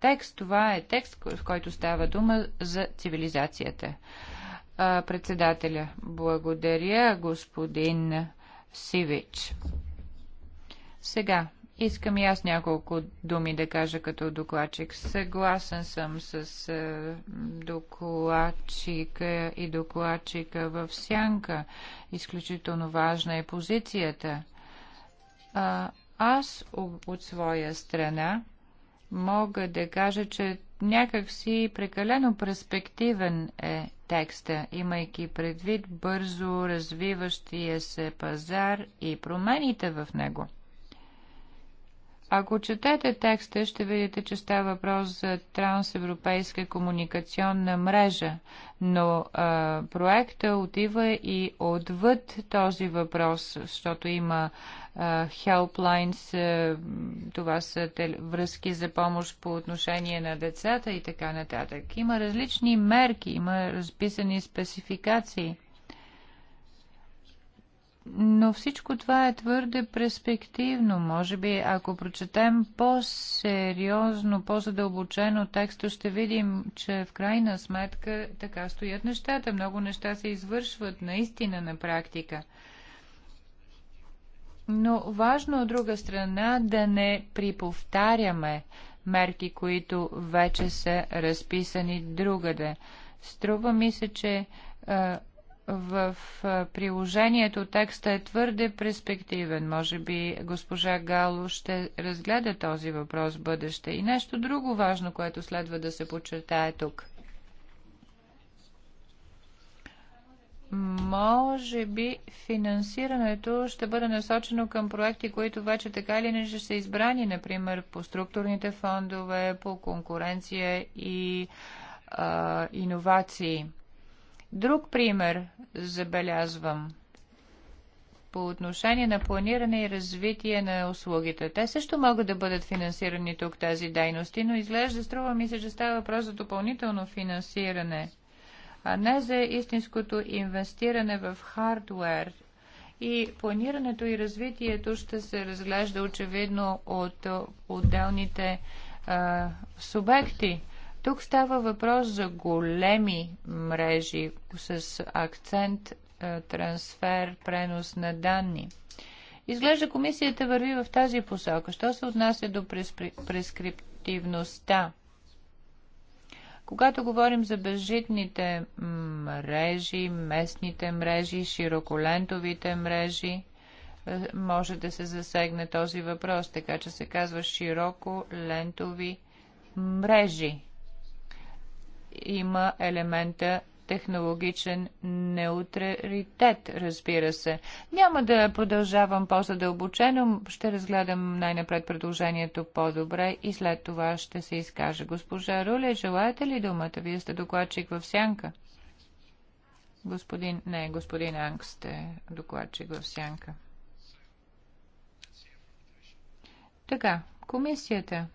текст, това е текст, в който става дума за цивилизацията. Председателя, благодаря господин Сивич. Сега Искам и аз няколко думи да кажа като докладчик. Съгласен съм с е, докладчика и докладчика в сянка. Изключително важна е позицията. А, аз от своя страна мога да кажа, че някакси прекалено перспективен е текста, имайки предвид бързо развиващия се пазар и промените в него – ако четете текста, ще видите, че става въпрос за трансевропейска комуникационна мрежа, но а, проекта отива и отвъд този въпрос, защото има а, helplines, а, това са тел... връзки за помощ по отношение на децата и така нататък. Има различни мерки, има разписани спецификации. Но всичко това е твърде перспективно. Може би, ако прочетем по-сериозно, по-задълбочено текста, ще видим, че в крайна сметка така стоят нещата. Много неща се извършват наистина на практика. Но важно от друга страна да не приповтаряме мерки, които вече са разписани другаде. Струва ми се, че е, в приложението текста е твърде перспективен. Може би госпожа Гало ще разгледа този въпрос в бъдеще. И нещо друго важно, което следва да се подчертае тук. Може би финансирането ще бъде насочено към проекти, които вече така или не ще са избрани, например по структурните фондове, по конкуренция и а, иновации. Друг пример забелязвам по отношение на планиране и развитие на услугите. Те също могат да бъдат финансирани тук тези дейности, но изглежда, струва ми се, че става въпрос за допълнително финансиране, а не за истинското инвестиране в хардвер. И планирането и развитието ще се разглежда очевидно от отделните а, субекти. Тук става въпрос за големи мрежи с акцент е, трансфер, пренос на данни. Изглежда комисията върви в тази посока. Що се отнася до прескриптивността? Когато говорим за безжитните мрежи, местните мрежи, широколентовите мрежи, е, може да се засегне този въпрос, така че се казва широколентови мрежи има елемента технологичен неутралитет, разбира се. Няма да продължавам по-задълбочено, ще разгледам най-напред предложението по-добре и след това ще се изкаже. Госпожа Руле, желаете ли думата? Вие сте докладчик в сянка. Господин, не, господин Анг сте докладчик в сянка. Така, комисията.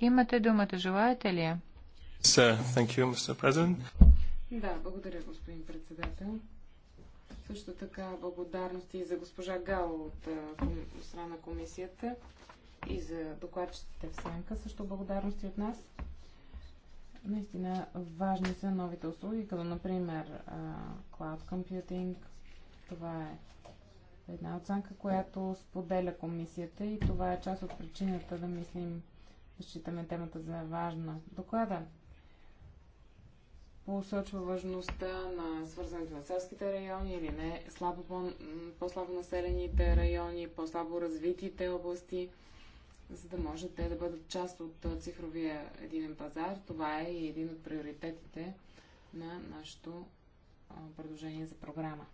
Имате думата, желаете ли я? thank you, Mr. President. Да, благодаря, господин председател. Също така благодарности и за госпожа Гало от страна на комисията и за докладчиците в Сянка. Също благодарности от нас. Наистина важни са новите услуги, като например Cloud Computing. Това е една оценка, която споделя комисията и това е част от причината да мислим, да считаме темата за важна. Доклада посочва важността на свързването на селските райони или не, слабо, по-слабо населените райони, по-слабо развитите области, за да може те да бъдат част от цифровия единен пазар. Това е и един от приоритетите на нашето предложение за програма.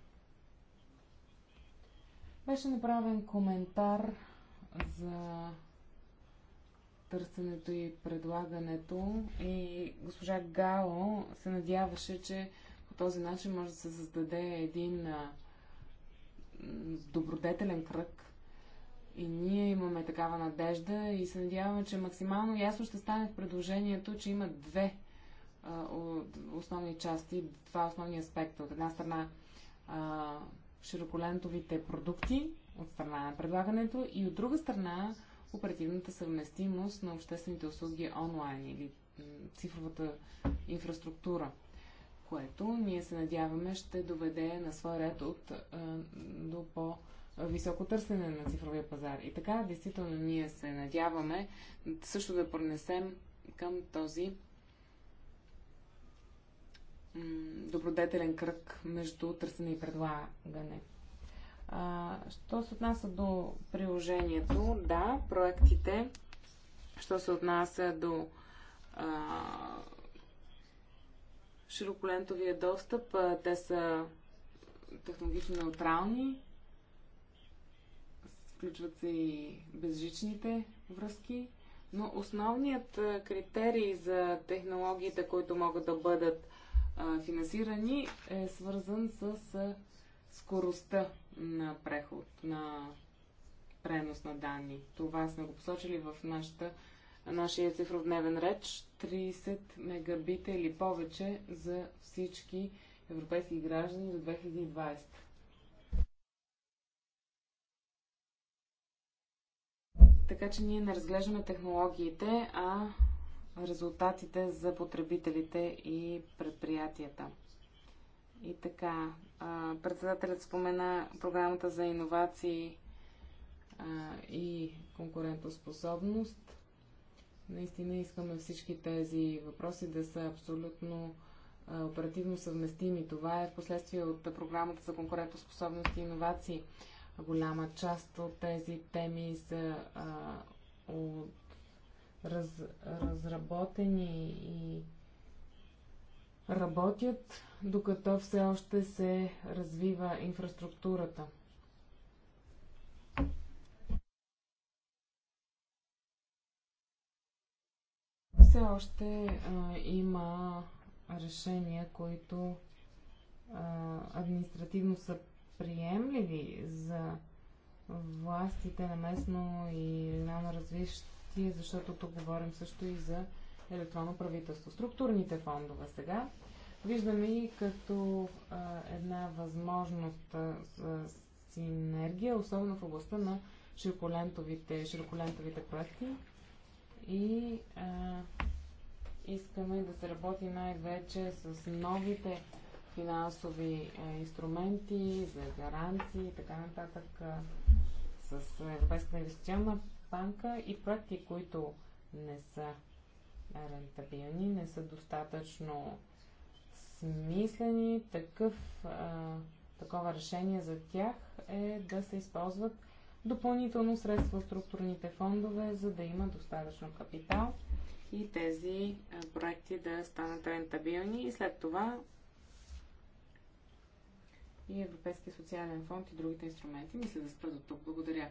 Беше направен коментар за търсенето и предлагането. И госпожа Гао се надяваше, че по този начин може да се създаде един а, добродетелен кръг. И ние имаме такава надежда и се надяваме, че максимално ясно ще стане в предложението, че има две а, основни части, два основни аспекта. От една страна а, широколентовите продукти от страна на предлагането и от друга страна оперативната съвместимост на обществените услуги онлайн или цифровата инфраструктура, което ние се надяваме ще доведе на свой ред от, до по- високо търсене на цифровия пазар. И така, действително, ние се надяваме също да пронесем към този добродетелен кръг между търсене и предлагане. А, що се отнася до приложението? Да, проектите. Що се отнася до а, широколентовия достъп, а, те са технологично неутрални. Включват се и безжичните връзки. Но основният критерий за технологиите, които могат да бъдат финансирани, е свързан с скоростта на преход, на пренос на данни. Това сме го посочили в нашата, нашия цифров дневен реч. 30 мегабита или повече за всички европейски граждани до 2020. Така че ние не разглеждаме технологиите, а резултатите за потребителите и предприятията. И така, председателят спомена програмата за иновации и конкурентоспособност. Наистина искаме всички тези въпроси да са абсолютно оперативно съвместими. Това е в последствие от програмата за конкурентоспособност и иновации. Голяма част от тези теми са а, от, раз, разработени и работят, докато все още се развива инфраструктурата. Все още а, има решения, които а, административно са приемливи за властите на местно и регионално развитие, защото тук говорим също и за електронно правителство. Структурните фондове сега виждаме и като а, една възможност а, а, синергия, особено в областта на широколентовите, широколентовите проекти. И а, искаме да се работи най-вече с новите финансови а, инструменти, за гаранции и така нататък а, с Европейската инвестиционна банка и проекти, които не са рентабилни, не са достатъчно смислени. Такъв, а, такова решение за тях е да се използват допълнително средства от структурните фондове, за да има достатъчно капитал и тези а, проекти да станат рентабилни и след това и Европейския социален фонд и другите инструменти. Мисля да спра до тук. Благодаря.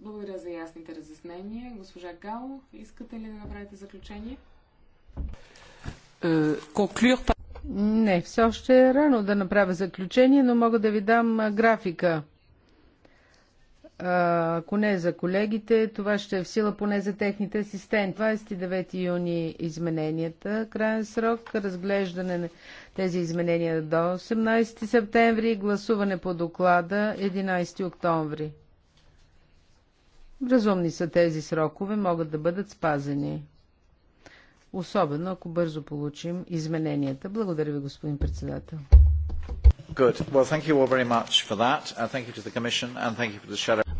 Благодаря за ясните разяснения. Госпожа Гао, искате ли да направите заключение? Е, конклюр... Не, все още е рано да направя заключение, но мога да ви дам графика. Ако не за колегите, това ще е в сила поне за техните асистенти. 29 юни измененията, крайен срок, разглеждане на тези изменения до 18 септември, гласуване по доклада 11 октомври. Разумни са тези срокове, могат да бъдат спазени. Особено ако бързо получим измененията. Благодаря ви, господин председател.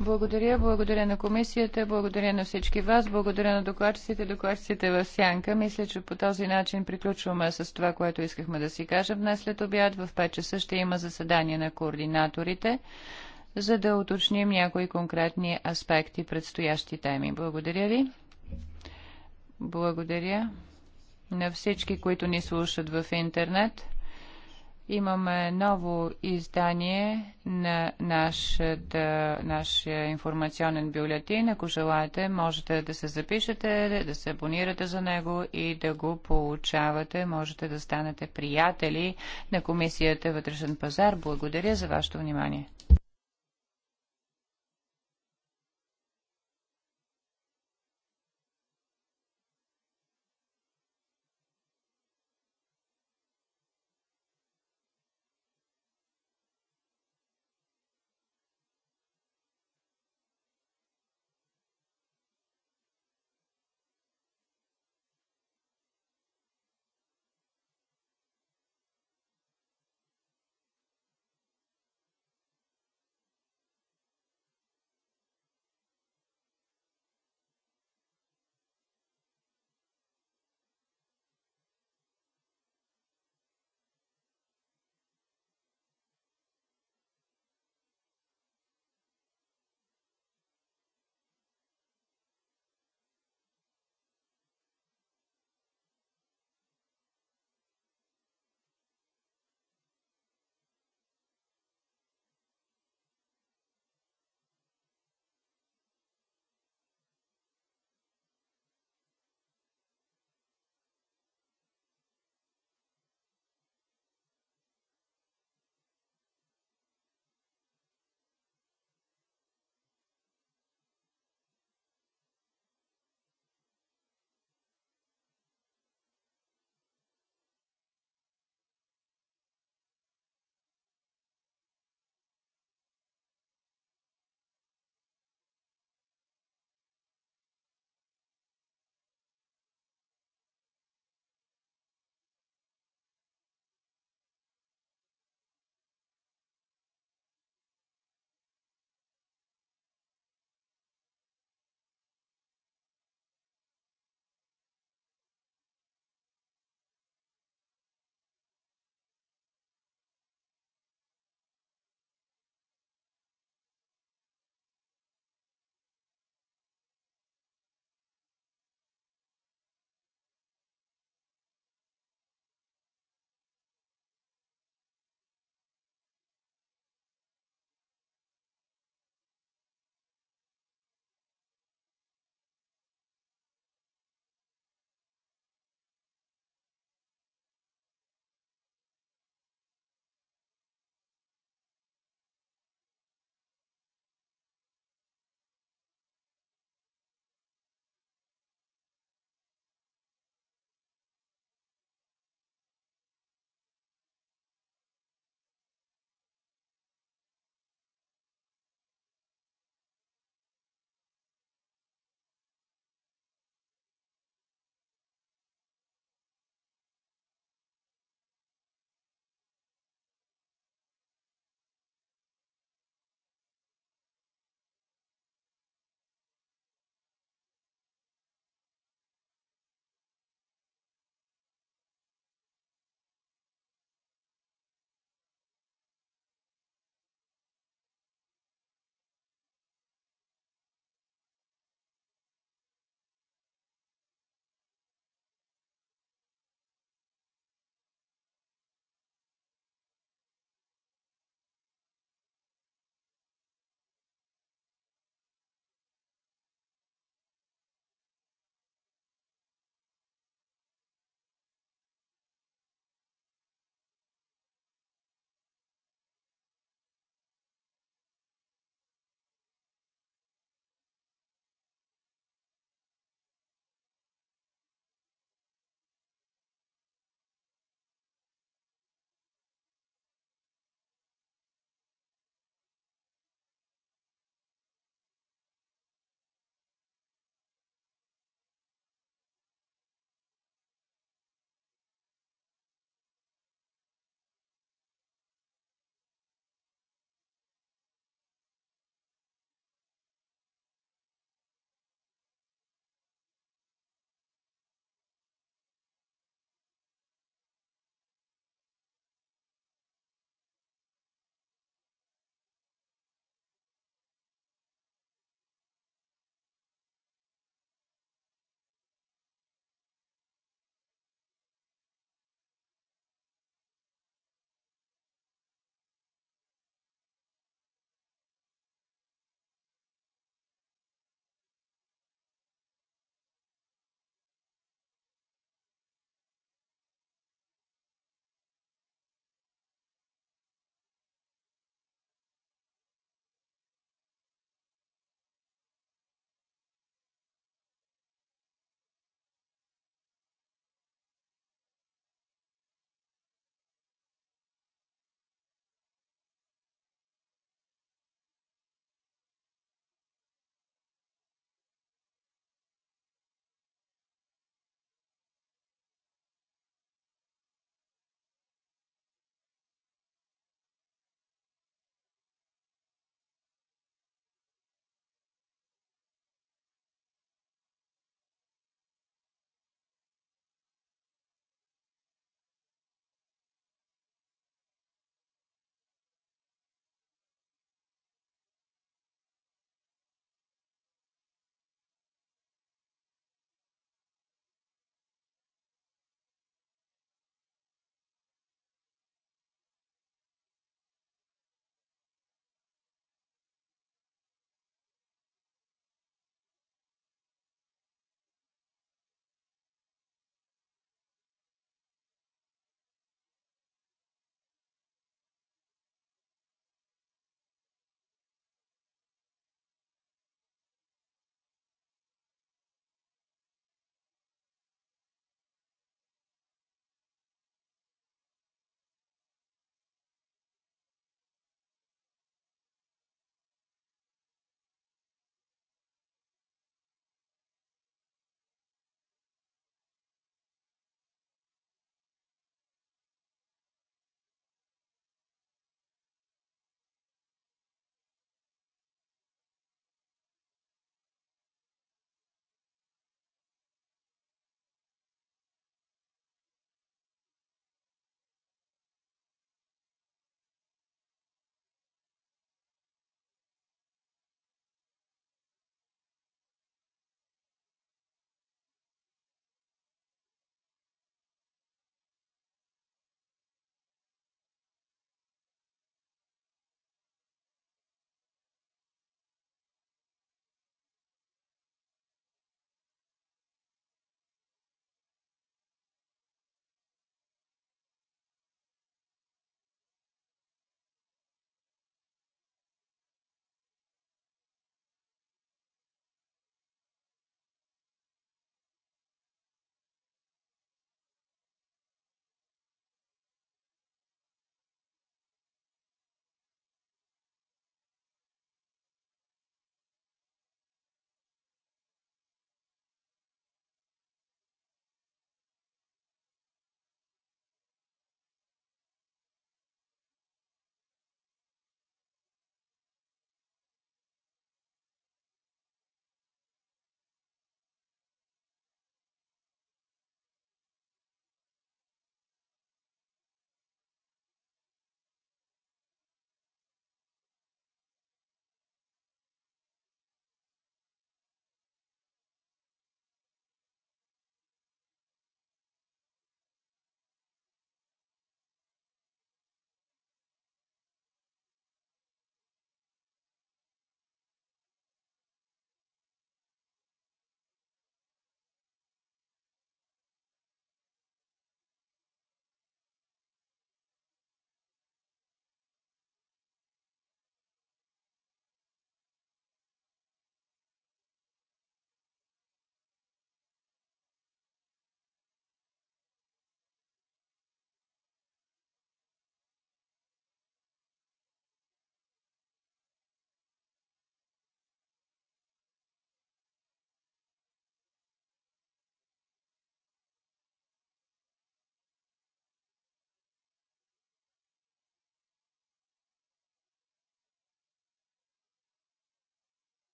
Благодаря, благодаря на комисията, благодаря на всички вас, благодаря на докладчиците, докладчиците в Сянка. Мисля, че по този начин приключваме с това, което искахме да си кажем днес след обяд. В 5 часа ще има заседание на координаторите за да уточним някои конкретни аспекти предстоящи теми. Благодаря ви. Благодаря на всички, които ни слушат в интернет. Имаме ново издание на нашата, нашия информационен бюлетин. Ако желаете, можете да се запишете, да се абонирате за него и да го получавате. Можете да станете приятели на Комисията Вътрешен пазар. Благодаря за вашето внимание.